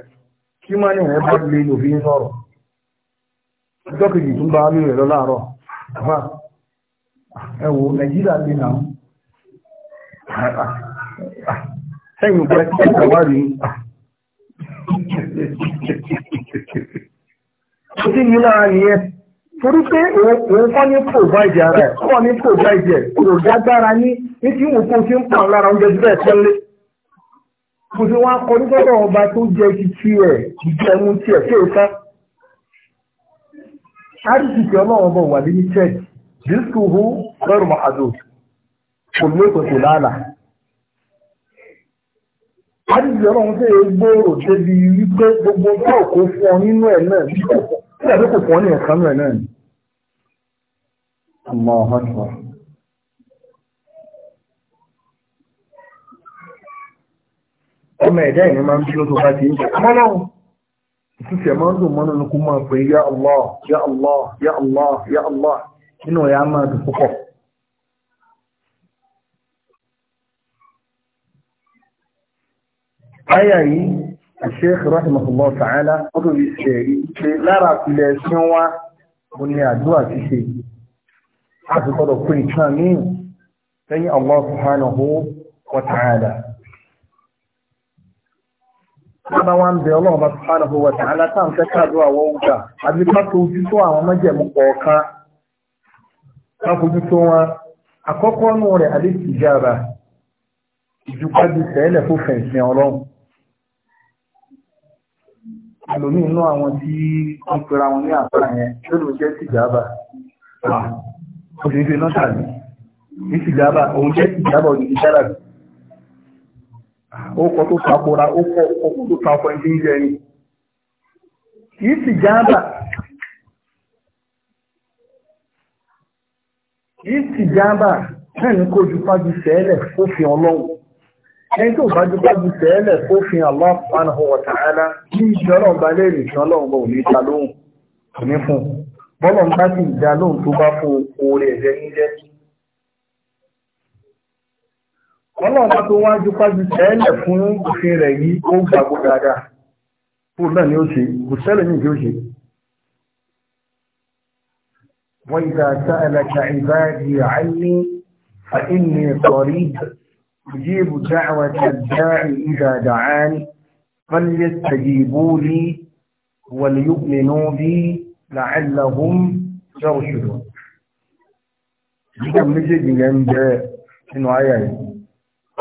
Kí má ní ẹ̀ bá lè lòfin sọ̀rọ̀ ọjọ́ kejì tún bá lórí rẹ̀ lọ láàárọ̀ àfà nàìjíríà lè nà sẹ́yìn òpin ẹ̀kọ́ wá ó sì yí lára nìyẹn torí pé òun kọ́ ní provide ara ẹ̀ kọ́ ní provide ẹ̀ kò dágbára ní ní tí wò kó fi ń pa lára oúnjẹ bẹ́ẹ̀ tẹ́lẹ̀ kò sí wọn akọ nígbàdàn ọba tó jẹ ti tiẹ̀ ìjẹun tiẹ̀ tí ó sá àríṣìkì ọlọ́run bọ̀ wà ní church dísùkúhù lọ́rùn mọ̀hàdù kò lóòkò kò lálà àríṣìkì ọlọ́run tẹ́ gbòòrò débi wípé gbogbo tó kò fún ọ nínú ẹ̀ náà bí kò fún ọ ní ẹ̀ka náà náà ni ọmọ ọ̀hánṣọ́ ọmọ ẹ̀dá ìní máa ń bí ó tó bá ti ń jẹ́ ọmọ náà ìtútù ẹ̀ máa ń dùn mọ́nà ní kó máa pè ya Allah ya Allah ya Allah ya Allah nínú ẹ̀ á máa dùn púpọ̀. Àyà yìí, Sheikh Rahimahullah Ta'ala, ó tó fi ṣe èyí pé lára ìpìlẹ̀ ẹ̀sìn wa, mo ní àdúrà A ti gbọ́dọ̀ pé ìtàn míì lẹ́yìn Allah Subhanahu wa Ta'ala. Bàbá wa ń bẹ ọlọ́run bá subhanahu wa ta'ala tá à ń fẹ́ káàdó àwọn òkà àbí ká fojú tó àwọn májẹ̀mú kọ̀ọ̀kan ká fojú tó wọn. Àkọ́kọ́ nù rẹ̀ al-istijaba ìdúpájú sẹ́lẹ̀ fún fẹ̀sìn ọlọ́run. Àlòmí inú àwọn tí wọ́n pera wọn ní àpárá yẹn lónìí jẹ́ tìjàbà. Òṣèlú iná tàbí ní tìjàbà òun jẹ́ tìjàbà òdìdí sára bí ó kọ tó takora ó kọ ọkùn tó takọ ẹni ń jẹ ni kìí sì jáàbà kìí sì jáàbà bẹ́ẹ̀ ni kó ju fájú sẹ́ẹ̀lẹ̀ fófin ọlọ́run ẹni tó bá ju fájú sẹ́ẹ̀lẹ̀ fófin Allah subhanahu wa ta'ala ní ìjọra ọba lẹ́rìí ìṣàn ọlọ́run bọ̀ ní ta lóhùn kò ní fún bọ́lọ̀ ń bá sì dá lóhùn tó bá fún oore ẹ̀jẹ̀ ń sí ọlọ́ọ̀dá tó wájú pájú tẹ́lẹ̀ fún òfin rẹ̀ yìí ó gbàgbó dáadáa fún náà ni ó ṣe kò sẹ́lẹ̀ ní ìdí ó ṣe wọ́n ìdá sáàlẹ̀kà ìbáàdì àìní fa'inni sọ̀rí ìjíbù dáwà tàbí ìdá dàáni wọ́n yẹ tàjíbó rí wọ́n yóò mẹ́nu bí la'allahum yọ̀ṣùrù. Ìjọba méjèèjì yẹn ń bẹ nínú ayà yìí.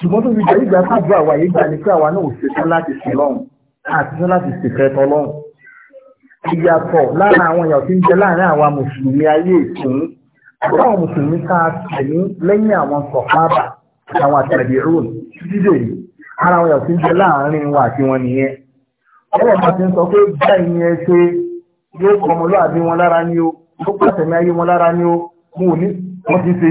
ṣùgbọ́n tó fi jẹ́ ìgbà tájú àwa yìí gbà ní pé àwa náà ò ṣetán láti sìn lọ́hùn àti ṣetán láti ṣèfẹ́ tọ́ lọ́hùn. ìyàtọ̀ lára àwọn èèyàn tí ń jẹ láàrin àwa mùsùlùmí ayé ìsìn àbáwọn mùsùlùmí tá a tẹ̀lé lẹ́yìn àwọn sọ̀páàbà àwọn àtẹ̀lẹ̀ rúùn dídè yìí ara àwọn èèyàn tí ń jẹ láàrin wa àti wọn nìyẹn. ọlọ́run bá ti ń sọ pé báyìí ni ẹ ṣe yóò kọ́ ọmọlúwàbí wọn lára ni ó yóò pàṣẹ mi ayé wọn lára ni ó mú òní wọ́n ti ṣe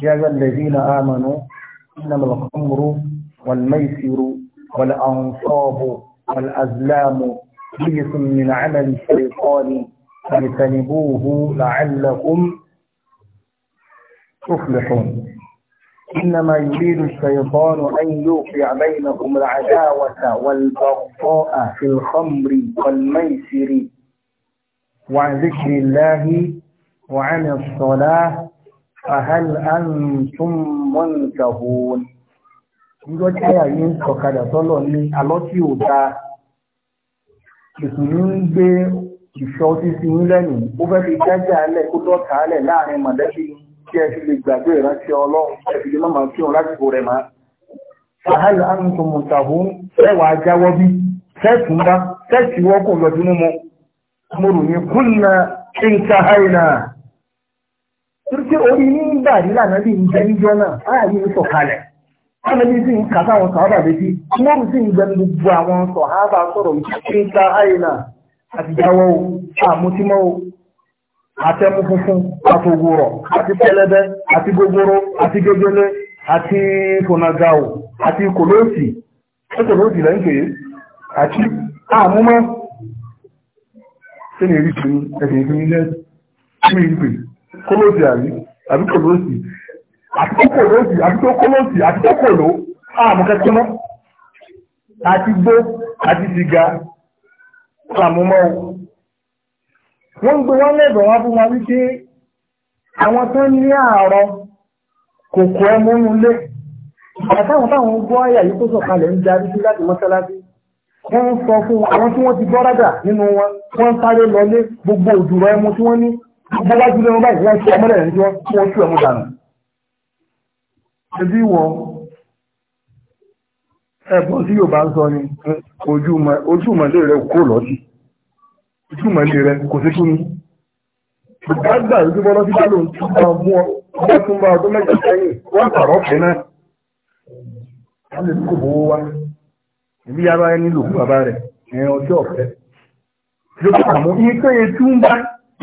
يا أيها الذين آمنوا إنما الخمر والميسر والأنصاب والأزلام رجس من عمل الشيطان فاجتنبوه لعلكم تفلحون إنما يريد الشيطان أن يوقع بينكم العداوة والبغضاء في الخمر والميسر وعن ذكر الله وعن الصلاة fàhálì àǹtún mọ́ǹtàhùn ìjọ táyà yìí ń sọ̀kadà sọ́lọ̀ ní alọ́ tí ò da ìsìn ń gbé ìṣọ́ sísí ń lẹ́nu ó fẹ́ fi jájà alẹ́ kó dọ́ta alẹ̀ láàrin mọ̀lẹ́bí kí ẹ fi lè gbàgbé ìrántí ọlọ́run ẹ fi lè má máa kírun lásìkò rẹ̀ máa. fàhálì àǹtún mọ́ǹtàhùn ẹwà jáwọ́ bí tẹ́tùn bá tẹ́tì wọ́kùn lọ́dún mú mo rò ní kúnlẹ̀ kí n ta háìnà torí pé orí nígbà nílànà bí ìjẹ níjọ náà ara yìí ń sọ̀kalẹ̀ káàmì sì ń kà sáwọn sọ̀hábà létí mọ́rù sì ń gbẹnu gbogbo àwọn sọ̀hábà sọ̀rọ̀ ìṣẹ́kí ń ta àyìnà àtijọ́ o àmútímọ́ o àtẹmu funfun àtòwòrọ̀ àti pẹlẹbẹ àti gogoro àti gegele àti fonagao àti kòlóòsì ṣé kòlóòsì lẹ́yìn pé àti àmúmọ́ sínú ìrìkì ẹ̀sìn ìpínlẹ̀ sí ìpínlẹ̀ kólóòsì àbí àbí kòlóòsì àti tó kòlóòsì àti tó kólóòsì àti tó kòló àmọ́ kẹ́kẹ́ mọ́ àti gbó àti sìgá làmúmọ́ o. wọ́n ń gbé wọ́n lẹ́bọ̀ wá fún wa wípé àwọn tó ní àárọ̀ kòkó ẹmúnú lé àtàwọn táwọn gbọ́ àyà yìí tó sọ̀kalẹ̀ ń darí sí láti mọ́sálásí wọ́n ń sọ fún àwọn tí wọ́n ti gbọ́ rádà nínú wọn wọ́n ń sáré lọlé gbogbo òdùrọ̀ ẹmu tí wọ́n ní bọ́lá jùlọ wọn báyìí wọ́n ṣe ọmọlẹ̀ ní wọ́n kó oṣù ẹ̀mú dànù ẹbí wọ ẹ̀bọ̀n tí yóò bá ń sọ ni ojú mọ̀lẹ́ rẹ kó lọ́tì ojú mọ̀lẹ́ rẹ kò sí kíni gbàgbà ìlú bọ́lá tí bá lòun tún bá mú ọ wọ́n tún bá ọdún mẹ́jọ sẹ́yìn wọ́n pàrọ̀ ọ̀fẹ́ náà wọ́n lè kó bówó wá ìbí yára ẹni lòkú bàbá rẹ̀ ẹ̀yàn ọjọ́ ọ̀fẹ́ yóò kà mú iye tó yẹ tún bá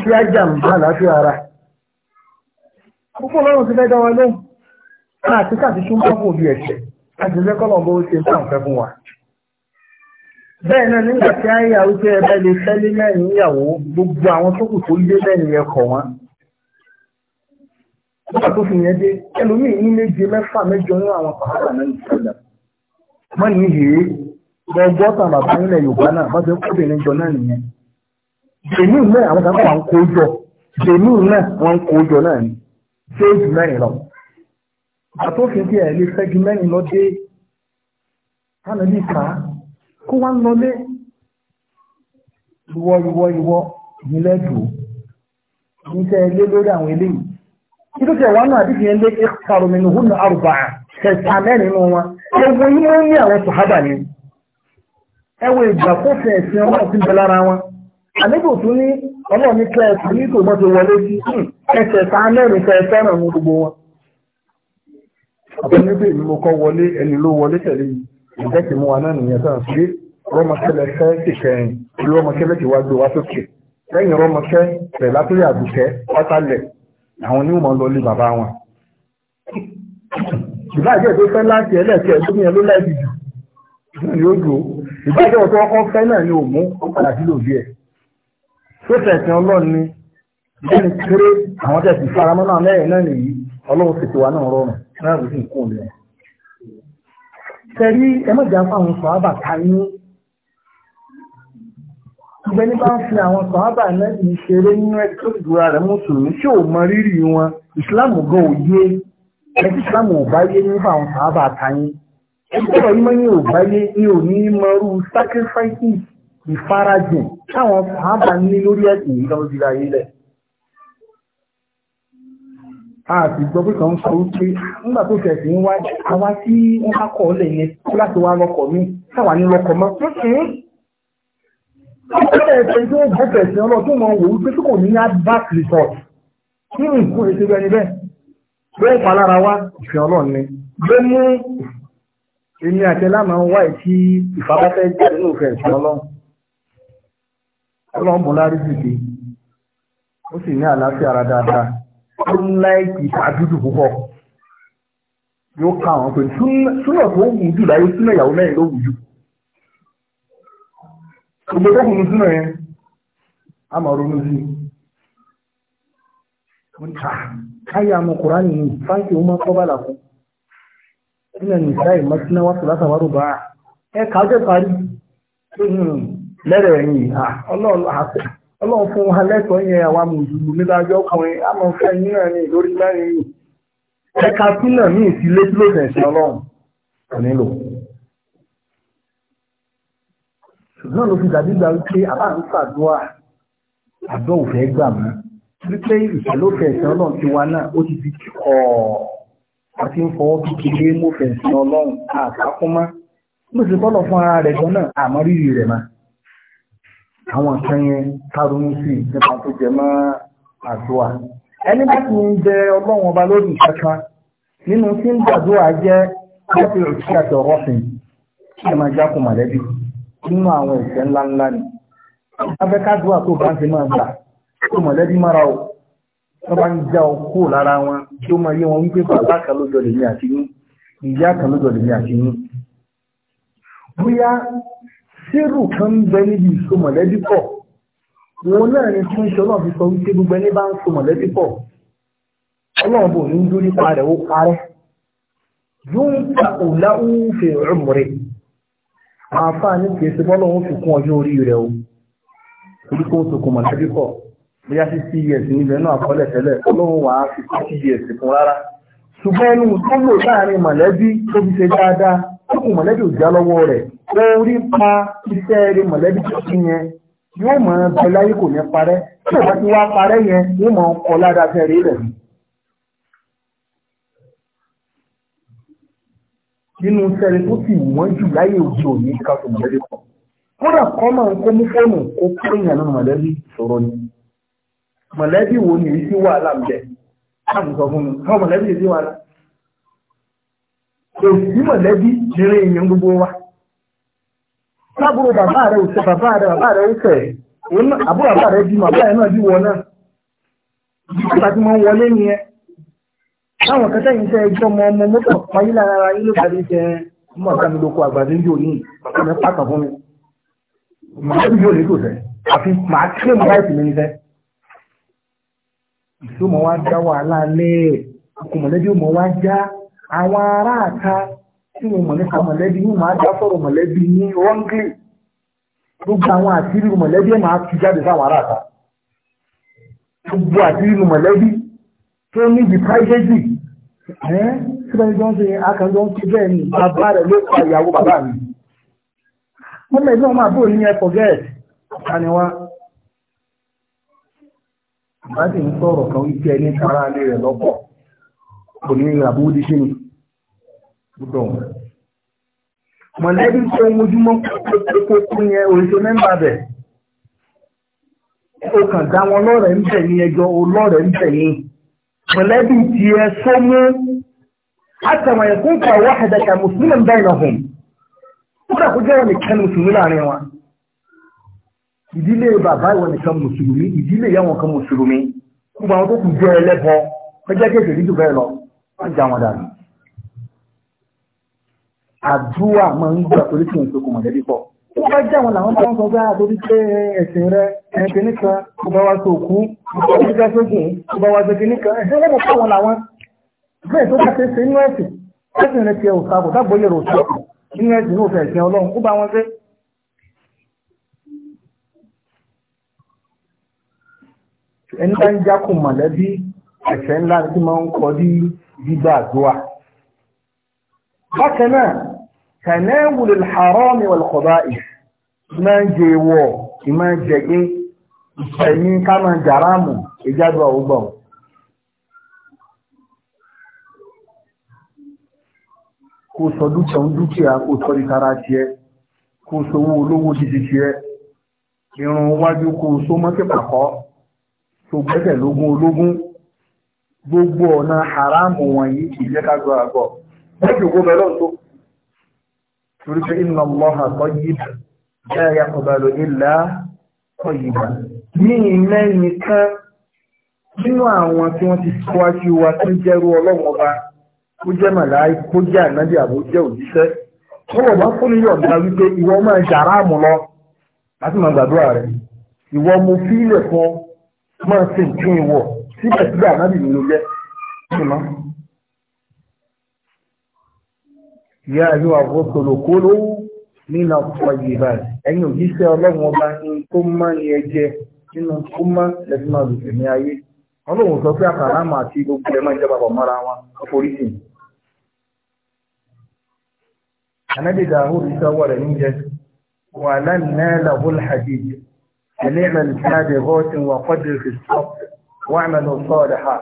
tí á jàǹbá láti ara púpọ̀ lọ́rùn ti lẹ́dá wa lé àti káàkiri tún bá fò bí ẹ̀ṣẹ̀ láti lẹ́kọ́lọ̀ bó ṣe fún wa bẹ́ẹ̀ náà nígbà tí a ń yà wípé ẹbẹ́ lè fẹ́lé mẹ́rin ìyàwó gbogbo àwọn tó kù tó lé mẹ́rin yẹn kọ̀ wọ́n nígbà tó fi yẹn dé ẹlòmíì ní méje mẹ́fà mẹ́jọ ní àwọn pàápàá náà ìṣẹ̀lẹ̀ mọ́ nìyí gbọ́gbọ́ tàn bàbá nílẹ̀ Yorùbá náà bá jèmí náà àwọn kan kọ́ àwọn kó jọ jèmí náà wọ́n kó jọ náà ni ṣé jù mẹ́rin lọ. àtòfin tí ẹ̀ lè fẹ́ ju mẹ́rin lọ dé hánà bí kàá kó wá ń lọlé ìwọ ìwọ ìwọ ìpínlẹ̀ dùn ní tẹ́ ẹ lé lórí àwọn eléyìí. kí ló tẹ̀ wá náà àdìsí yẹn lé ikhtaru minhunna arba'a tẹ̀sán mẹ́rin nínú wọn ẹ̀wọ̀n yìí wọ́n ní àwọn sàhábà ni ẹ̀wọ̀n ìgbà kófin ẹ̀sìn ọlọ́run ti bẹ lára wọn àlébò tún ní ọmọ mi kẹ́ẹ̀sì ní kò mọ́ ti wọlé sí hmm, ẹsẹ̀ ta mẹ́rin kẹ́ fẹ́ràn ní gbogbo wọn. àbẹ̀nígbè ni mo kọ́ wọlé ẹni ló wọlé tẹ̀lé yìí ìjẹ́ ti mú wa náà nìyẹn tán sí rọ́mọkẹ́lẹ́ fẹ́ sì kẹrin ìlú rọ́mọkẹ́lẹ́ ti wá gbé wa sókè lẹ́yìn rọ́mọkẹ́ rẹ̀ látòrí àbùkẹ́ ọ̀tálẹ̀ àwọn onímọ̀ lọ lé bàbá wọn. ìbáàjẹ́ tó fẹ́ láti ẹlẹ́kẹ́ ẹ̀dómi ẹ̀ ló láì dìjú ìbáàjẹ́ tó fẹ́ náà ni òun ó padà sí lòdì ẹ̀ tó tẹ̀sìn ọlọ́run ni lẹ́nu kéré àwọn tẹ̀sìn faramọ́ náà lẹ́yìn náà nìyí ọlọ́run sì ti wà náà rọrùn náà ló sì ń kún un lẹ́yìn. tẹ̀rí ẹ mọ̀jà fáwọn sọ̀hábà káyín ìgbẹ́ ní bá ń fi àwọn sọ̀hábà náà ní ṣeré nínú ẹ̀ tó dùra rẹ̀ mùsùlùmí tí ò mọ rírì wọn ìsìláàmù gan ò yé ẹ tí ìsìláàmù ò bá yé nípa àwọn sọ̀hábà káyín ẹ gbọ́dọ̀ yí mọ́ ní ò bá yé ní ò ní mọ́rú sacrifices ìfarajìn káwọn àbá ní lórí ẹ̀sìn yìí lọ́wọ́ jìlá ilẹ̀ àti gbọ́ pé kàn ń sọ wípé nígbà tó tẹ̀sí ń wá àwa tí wọ́n bá kọ́ ọ̀lẹ̀ yẹn láti wá lọ́kọ̀ mi táwa ní lọ́kọ̀ mọ́ Ọ̀pọ̀lọpọ̀ ẹ̀sẹ̀ tí ó bẹ̀rẹ̀ sí ọlọ́ tó mọ̀ wò wípé tí kò ní advert result kí ni nǹkan èsì bẹ́ẹ̀ ni bẹ́ẹ̀. Bẹ́ẹ̀ palára wá ìfẹ́ ọlọ́run ni. Bẹ́ẹ̀ mú èmi àtẹ́lámà nínú ìfẹ́ ìfẹ́ ọlọ́run ọlọ́run bọ̀ lárí dìde ó sì ní àlàáfíà ara dáadáa ó ń láìkì àdúdù púpọ̀ yóò ká àwọn pé súnà tó wù jù láyé súnà ìyàwó mẹ́rin ló wù jù gbogbo tó kùnú súnà yẹn a máa ronú sí i káyà àmọ́ kùránì ní fáńkì ó máa kọ́ bá làkún nínú ìsáì mọ́tíná wá sùlátà wárò bá ẹ kàájẹ́ parí lẹ́rẹ̀ẹ́yìn ìhà ọlọ́run fún wa lẹ́tọ̀ọ́ yẹn àwa mùsùlùmí lájọ́ ọkùnrin àmọ́ fẹ́ yín rẹ̀ ní lórí mẹ́rin yìí ẹ̀ka túnà ní ìsílé tí ló fẹ̀ sí ọlọ́run kò nílò. ṣùgbọ́n ló fi dàbí gba wípé àbá ń ṣàdúrà àdó òfẹ́ gbà mọ́ wípé ìṣàlófẹ́ ẹ̀sìn ọlọ́run ti wa náà ó ti di kíkọ́ àti ń fọwọ́ kékeré mọ́fẹ̀ẹ́sìn ọlọ́run àkàkùnmá mo sì bọ́lọ̀ fún ara rẹ̀ gan náà àmọ́ rírì rẹ̀ máa àwọn kan yẹn kárùn sí nípa tó jẹ mọ́ àdúrà ẹni bá ti ń bẹ ọlọ́run ọba lórí kankan nínú tí ń gbàdúrà jẹ́ láti òṣìṣẹ́ àti ọ̀rọ̀fìn kí ẹ máa jákun mọ̀lẹ́bí nínú àwọn ìṣẹ́ ńláńlá ni afẹ́ kádùá tó bá ń ti máa gbà tó mọ̀lẹ́bí mára o wọ́n bá ń já o kó lára wọn tí ó máa yé wọn wípé bàbá kan ló jọlẹ̀ ní àti yín ìyá kan ló jọlẹ̀ ní àti yín bóyá sírù kan ń bẹ níbi ìso mọ̀lẹ́bí pọ̀ wọn náà ni tí ń ṣe ọlọ́run fi sọ wípé gbogbo ẹni bá ń so mọ̀lẹ́bí pọ̀ ọlọ́run bò ní dúró nípa rẹ̀ ó parẹ́ yóò ń ta òlá ń fi rẹ̀ àǹfààní kìí ṣe bọ́lọ̀ ń fi kún ọjọ́ orí rẹ̀ o torí kó sokùn mọ̀lẹ́bí pọ̀ bóyá sí sí yẹ̀sì níbẹ̀ náà kọ́lẹ̀ tẹ́lẹ̀ ọlọ́run wàá fi sí sí yẹ̀sì fún rárá ṣùgbọ́n ẹnu tó lò láàrin mọ̀lẹ́bí tó fi ṣe dáadáa ọkùn mọ̀lẹ́bí ò já lọ́wọ́ rẹ̀ orí pa iṣẹ́ rí mọ̀lẹ́bí tuntun yẹn yóò mọ̀ ọ́n bẹ láyé kò ní parẹ́ tí òbá ti wá parẹ́ yẹn yóò mọ̀ ọ́n kọ́ ládàá fẹ́ rí rẹ̀. nínú sẹ́ni tó sì wọ́n jù láyé òde òní ká tó mọ̀lẹ́bí kan kódà kọ́ máa ń kó mú fóònù kó kó nínú mọ̀lẹ́bí sọ̀rọ̀ ni mọ̀lẹ́bí wo ni èyí sí wàhálà ń bẹ̀ láàmú sọ fún mi káwọn èsì mọ̀lẹ́bí nílé èèyàn gbogbo wa sábúrò bàbá rẹ̀ ò tẹ bàbá rẹ̀ bàbá rẹ̀ ó tẹ̀ àbúrò bàbá rẹ̀ bí bàbá rẹ̀ náà bí wọ náà bàbá tí wọ́n wọlé nìyẹn táwọn kẹta yìí tẹ ẹjọ́ mọ ọmọ mọ́tò payé lára yín ló parí jẹ ọmọ ọ̀gá mi lóko àgbàdo ní òní bàbá mi pàtàkì fún mi màá bí yóò lè tò sẹ́ àfi màá kí lè mú láìsí mi níṣẹ́ ìṣó mọ wá dá wàhálà lẹ́ẹ̀ ọkùnrin mọ̀lẹ́bí ó mọ já àwọn aráàta tí mo mọ̀ nípa mọ̀lẹ́bí ní máa já sọ̀rọ̀ mọ̀lẹ́bí ní rọ́ngílì gbogbo àwọn àtìrí mọ̀lẹ́bí ẹ̀ máa fi jáde sáwọn aráàta gbogbo àtìrí mọ̀lẹ́bí tó ní di privacy ẹ́ síbẹ̀ ní jọ́nsẹ̀ akànjọ́ ń ṣe bẹ́ẹ̀ ni bàbá rẹ̀ ló pa ìyàwó bàbá mi mọ́mọ́ ẹ̀ náà máa bò ní ẹ̀fọ́ gẹ́ẹ̀tì àníwá bá sì ń sọ̀rọ̀ kan wípé ẹni tara lé rẹ̀ lọ́pọ̀ kò ní àbúrúdí sí ni gbogbo wọn mọ̀lẹ́bí tí ó mojúmọ́ kókó ní oríṣẹ́ mẹ́mbà bẹ̀ ó kàn dá wọn lọ́rẹ̀ ń bẹ̀ ní ẹjọ́ olọ́rẹ̀ ń bẹ̀ ní mọ̀lẹ́bí tí ẹ sọ mú àtàwọn ẹ̀kún kan wá ẹ̀dàkà mùsùlùmí bẹ́ẹ̀ náà hùn ó dà kó jẹ́ wọn nìkan mùsùlùmí láàrin wọn ìdílé bàbá ìwọ nìkan mùsùlùmí ìdílé ìyá wọn kan mùsùlùmí gbogbo àwọn tó kù jẹ́ ẹlẹ́bọ ọjọ́ kéèké jù bẹ́ẹ̀ lọ wọ́n já wọn dànù. àdúrà máa ń gbà torí kí n so kò mọ̀lẹ́bí pọ̀. ó bá já wọn làwọn bá ń sọ pé àtòrí ah, pé ẹ̀sìn rẹ ẹ̀sìn nìkan kó bá wá sókú kó bá sókun kó bá wá sókè nìkan ẹ̀sìn rẹ̀ mọ̀ pé àwọn làwọn. bẹ́ẹ̀ tó bá ṣe ṣe inú ẹ̀sìn ẹ̀sìn rẹ̀ tiẹ̀ òsà kò dágbó yẹ̀rọ òsà inú ẹ̀sìn náà fẹ̀ ẹ̀sìn ọlọ́run kó bá wọn ṣe. ẹni bá ń jákùn mọ̀lẹ́bí ẹ̀sẹ̀ ńlá tí máa ń kọ bí gbígbà àdúrà bákan náà tanawul al-haram wal-khaba'ith máa ń jẹ ìwọ ìmá jẹgé ìfẹ̀mí ká máa jàrámù ìjádùn àwùgbọ̀n kó sọ dúkìá ń dúkìá kó sọ ìtara tiẹ kó sọ owó olówó dìdì tiẹ irun wájú kó sọ mọ́tì pàkọ́ tó lógún ológún gbogbo ọ̀nà haramu wọ̀nyí ìjẹ́ ká gbọ́ àgbọ̀. Mẹ́jọ kó bẹ̀rẹ̀ tó. Torí pé inna Allaha tayyibun la yaqbalu illa tayyiban. Ní ilẹ̀ nìkan nínú àwọn tí wọ́n ti síwájú wa tó jẹ́rú ọlọ́wọ́ ọba kó jẹ́ màláì kó jẹ́ ànábì àbó jẹ́ òjíṣẹ́. bá fún wípé máa lọ láti máa gbàdúrà rẹ̀. mo fi ilẹ̀ fún máa ṣe nǹkan ìwọ̀. síbẹ̀síbẹ̀ ànábì mi ló jẹ́ ṣùgbọ́n. ìyá ayé wa fọ́ tòlókóló nínú ọ̀pọ̀ yìí báyìí ẹ̀yin òjíṣẹ́ ọlọ́run ọba ní tó mọ́ ní ẹjẹ́ nínú tó mọ́ lẹ́sìn máa lò tẹ̀mí ayé ọlọ́run sọ pé àkàràmà àti gbogbo ẹ̀ máa ń jọba mọ́ra wọn àforíjì. ànábì dàhùn ìṣọwọ́ rẹ̀ níjẹ́ wà lánàá làhùn hadid ẹ̀lẹ́mẹ̀lì sáà dẹ̀ bọ́ọ̀sìn wà kọ́dìrì fìṣọ́ọ̀tì wa'malu salihan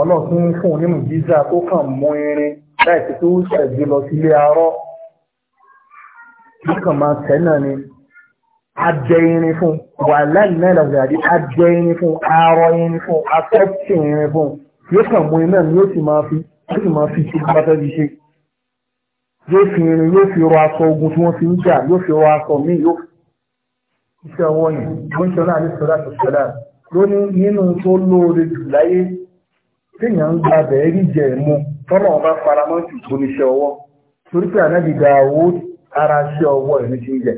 ọlọ́tún fún onímù jíza tó kàn mú irin láìsí tó ṣẹ̀jú lọ sílé arọ́ tó kàn máa tẹ̀ náà ni ajẹ́ irin fún wà láì náà lọ́gbẹ̀ àdí ajẹ́ irin fún arọ́ irin fún afẹ́tì irin fún yóò kàn mú iná ni yóò sì máa fi yóò sì máa fi ṣe bá fi ṣe yóò fi irin yóò fi rọ aṣọ ogun tí wọ́n fi ń jà yóò fi rọ aṣọ míì yóò fi ṣe ọwọ́ yẹn wọ́n ń ṣe ọlá àdìsọ́lá àdìsọ́lá àdìsọ́lá ló ní nínú tó lóore jù láyé téèyàn ń gba bẹ̀ẹ́rì jẹ mu tọ́nà ọba faramọ́ jù gbóníṣẹ́ ọwọ́ torí pé ànábì Dáwúdù ara ṣẹ́ ọwọ́ ẹ̀ ní ti ń jẹ.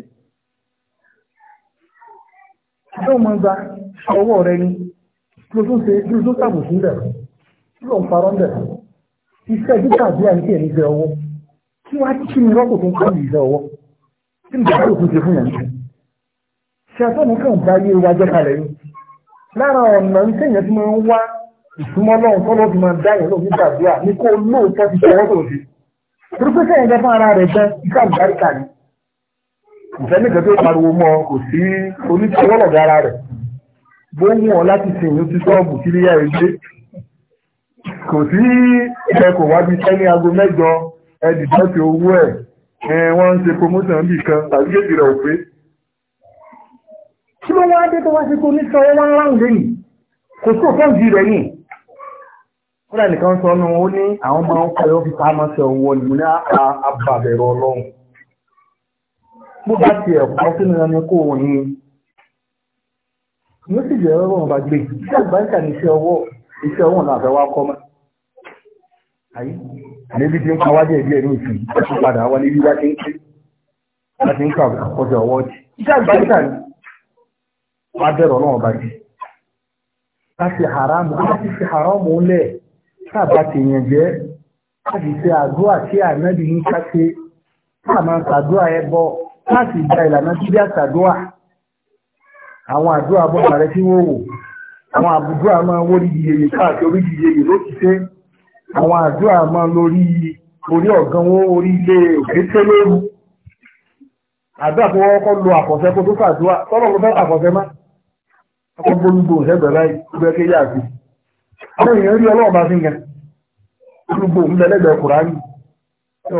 yóò máa gba ọwọ́ rẹ ni ló tún ṣe ló tún ṣàbòsí ń bẹ̀rù ló ń parọ́ ń bẹ̀rù iṣẹ́ dúkà bí àǹtí ẹ̀ ní jẹ ọwọ́ kí wọ́n á ti kí ni rọ́pò tó ń kọ́ ìjẹ ọwọ́ kí ni bàbá òkú ṣe fún yàn ṣe àtọ́nù kàn bá yé wájọ́ kalẹ̀ yìí lára ọ̀nà ń tẹ̀yẹ̀ tí máa ń wá ìsúnmọ́ náà kọ́ lọ́dún máa dá ìyẹn lóògùn gbàdúrà ní kó lóòótọ́ ti fọwọ́ tó di. torípé sẹ́yìn gẹ́gẹ́ ara rẹ̀ gan iṣẹ́ àgbáríkà ni. ìfẹ́ nìkan tó pariwo mọ́ kò sí onítọ̀wọ́lọ̀gá ara rẹ̀. bó ń wọ̀ láti sìn ní sí ṣọ́ọ̀bù sí ilé ẹgbẹ́. kò sí ẹ kò wá bí iṣẹ́ ní aago mẹ́jọ ẹ dìbọ́sì owó ẹ̀ wọ́n ń ṣe promotion bì kan tàbí kéèkì rẹ̀ ò pé kí ló wá dé tó wá sí tó ní sọ wọ́n ráǹdé yìí kò tó fẹ́ jù rẹ̀ yìí kódà nìkan sọ ọ́nà ó ní àwọn máa ń kọyọ́ fi pa máa ṣe ọwọ́ ni mo ní àbàbẹ̀rẹ̀ ọlọ́run bó bá ti ẹ̀kọ́ sínú ẹni kó o ní yóò sì jẹ́ ọ̀rọ̀ ọba gbé iṣẹ́ àgbáríkà ní iṣẹ́ ọwọ́ iṣẹ́ ọwọ́ náà fẹ́ wá kọ́ mọ́ ayé àlébi tí ń pa wájú ẹ̀bí ẹ̀mí ìsìn ó ti padà wá ní wíwá tí ń ké láti ń kà ọ̀sẹ̀ ọwọ́ ti wá bẹ̀rẹ̀ ọlọ́run bá jù láti haramu láti fi haramu lẹ̀ sábà tèèyàn jẹ́ láti ṣe àdúrà tí ànábì ní káṣe sáà máa ṣàdúrà ẹ bọ láti gba ìlànà bíbí àṣàdúrà àwọn àdúrà bọ́ọ̀lù rẹ tí wọ́n wò àwọn àbùdúrà máa wó ní iyeye káàkiri orí iyeye ló ti ṣe àwọn àdúrà máa lórí orí ọ̀gánwó orí ilé òkété lóru àdúrà tó wọ́n kọ́ lo àkọ̀fẹ́ kó tó fàdúrà tọ́lọ́ ọkọ̀ gbólúgbò ṣẹ́bẹ̀ láì gbẹ́kẹ́ yà sí àwọn èèyàn rí ọlọ́ọ̀bá sí nǹkan olúgbò ń bẹ lẹ́gbẹ̀ẹ́ kùránì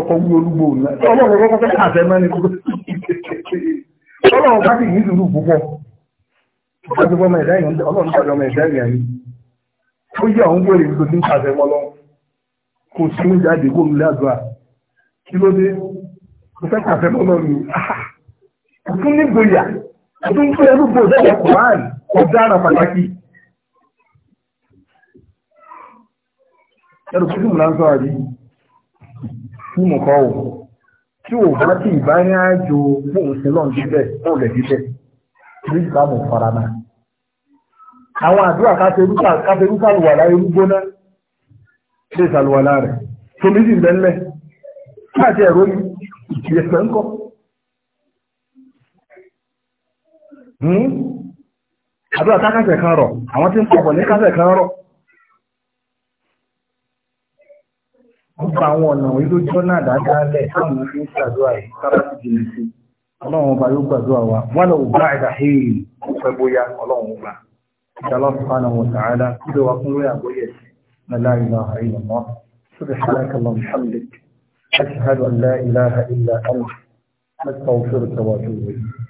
ọkọ̀ wí olúgbò ọlọ́ọ̀bá kọ́kọ́ fẹ́ àṣẹ mẹ́ni ọlọ́ọ̀bá bá sì ní ìlú púpọ̀ ọjọ́ ọmọ ẹ̀dá ìyẹn ọlọ́ọ̀bá ọjọ́ ọmọ ẹ̀dá ìyẹn ó yẹ àwọn gbèrè ìlú tí ń pàṣẹ mọ́ lọ kò sí ń jáde kó lulẹ̀ àdúrà kí ló dé mo fẹ́ pàṣẹ mọ́ lọ ni ọdún nígboyà ọdún tó ẹrú gbòdẹ́ ẹ̀kọ́ láàrin ọ̀daràn pàtàkì ẹ̀rù fífún láńsọ́ àrí fíìmù kan ò tí ò bá tí ìbáyín àjò fóun sí lọ́n jíbẹ̀ fóun lẹ̀ jíbẹ̀ ní ìbámu farana àwọn àdúrà káfẹ́rúkà lùwà láyé rúgbóná ṣe ìsàlùwàlá rẹ̀ tó méjì ń bẹ́ńlẹ̀ láti ẹ̀rọ ìkìlẹ̀fẹ́ ńkọ́ hmm? àdúrà tákàtẹ̀ kan rọ̀ àwọn tí ń pọ̀pọ̀ ní kásẹ̀ kan rọ̀ gbogbo àwọn ọ̀nà ìlú jọ́nà dáadáalẹ̀ táwọn fi ń ṣàdúrà yìí sábà ti jìnà sí ọlọ́run ọba yóò gbàdúrà wa wọ́n lọ bá ẹ̀dà hìí pẹ́ bóyá ọlọ́run ọba ìjọba fúnra wọn sàádá kí ló wà fún lórí àgbóyè la ilaha illallah subhanaka allahumma hamdik ashhadu an la ilaha illa anta astaghfiruka wa atubu ilayk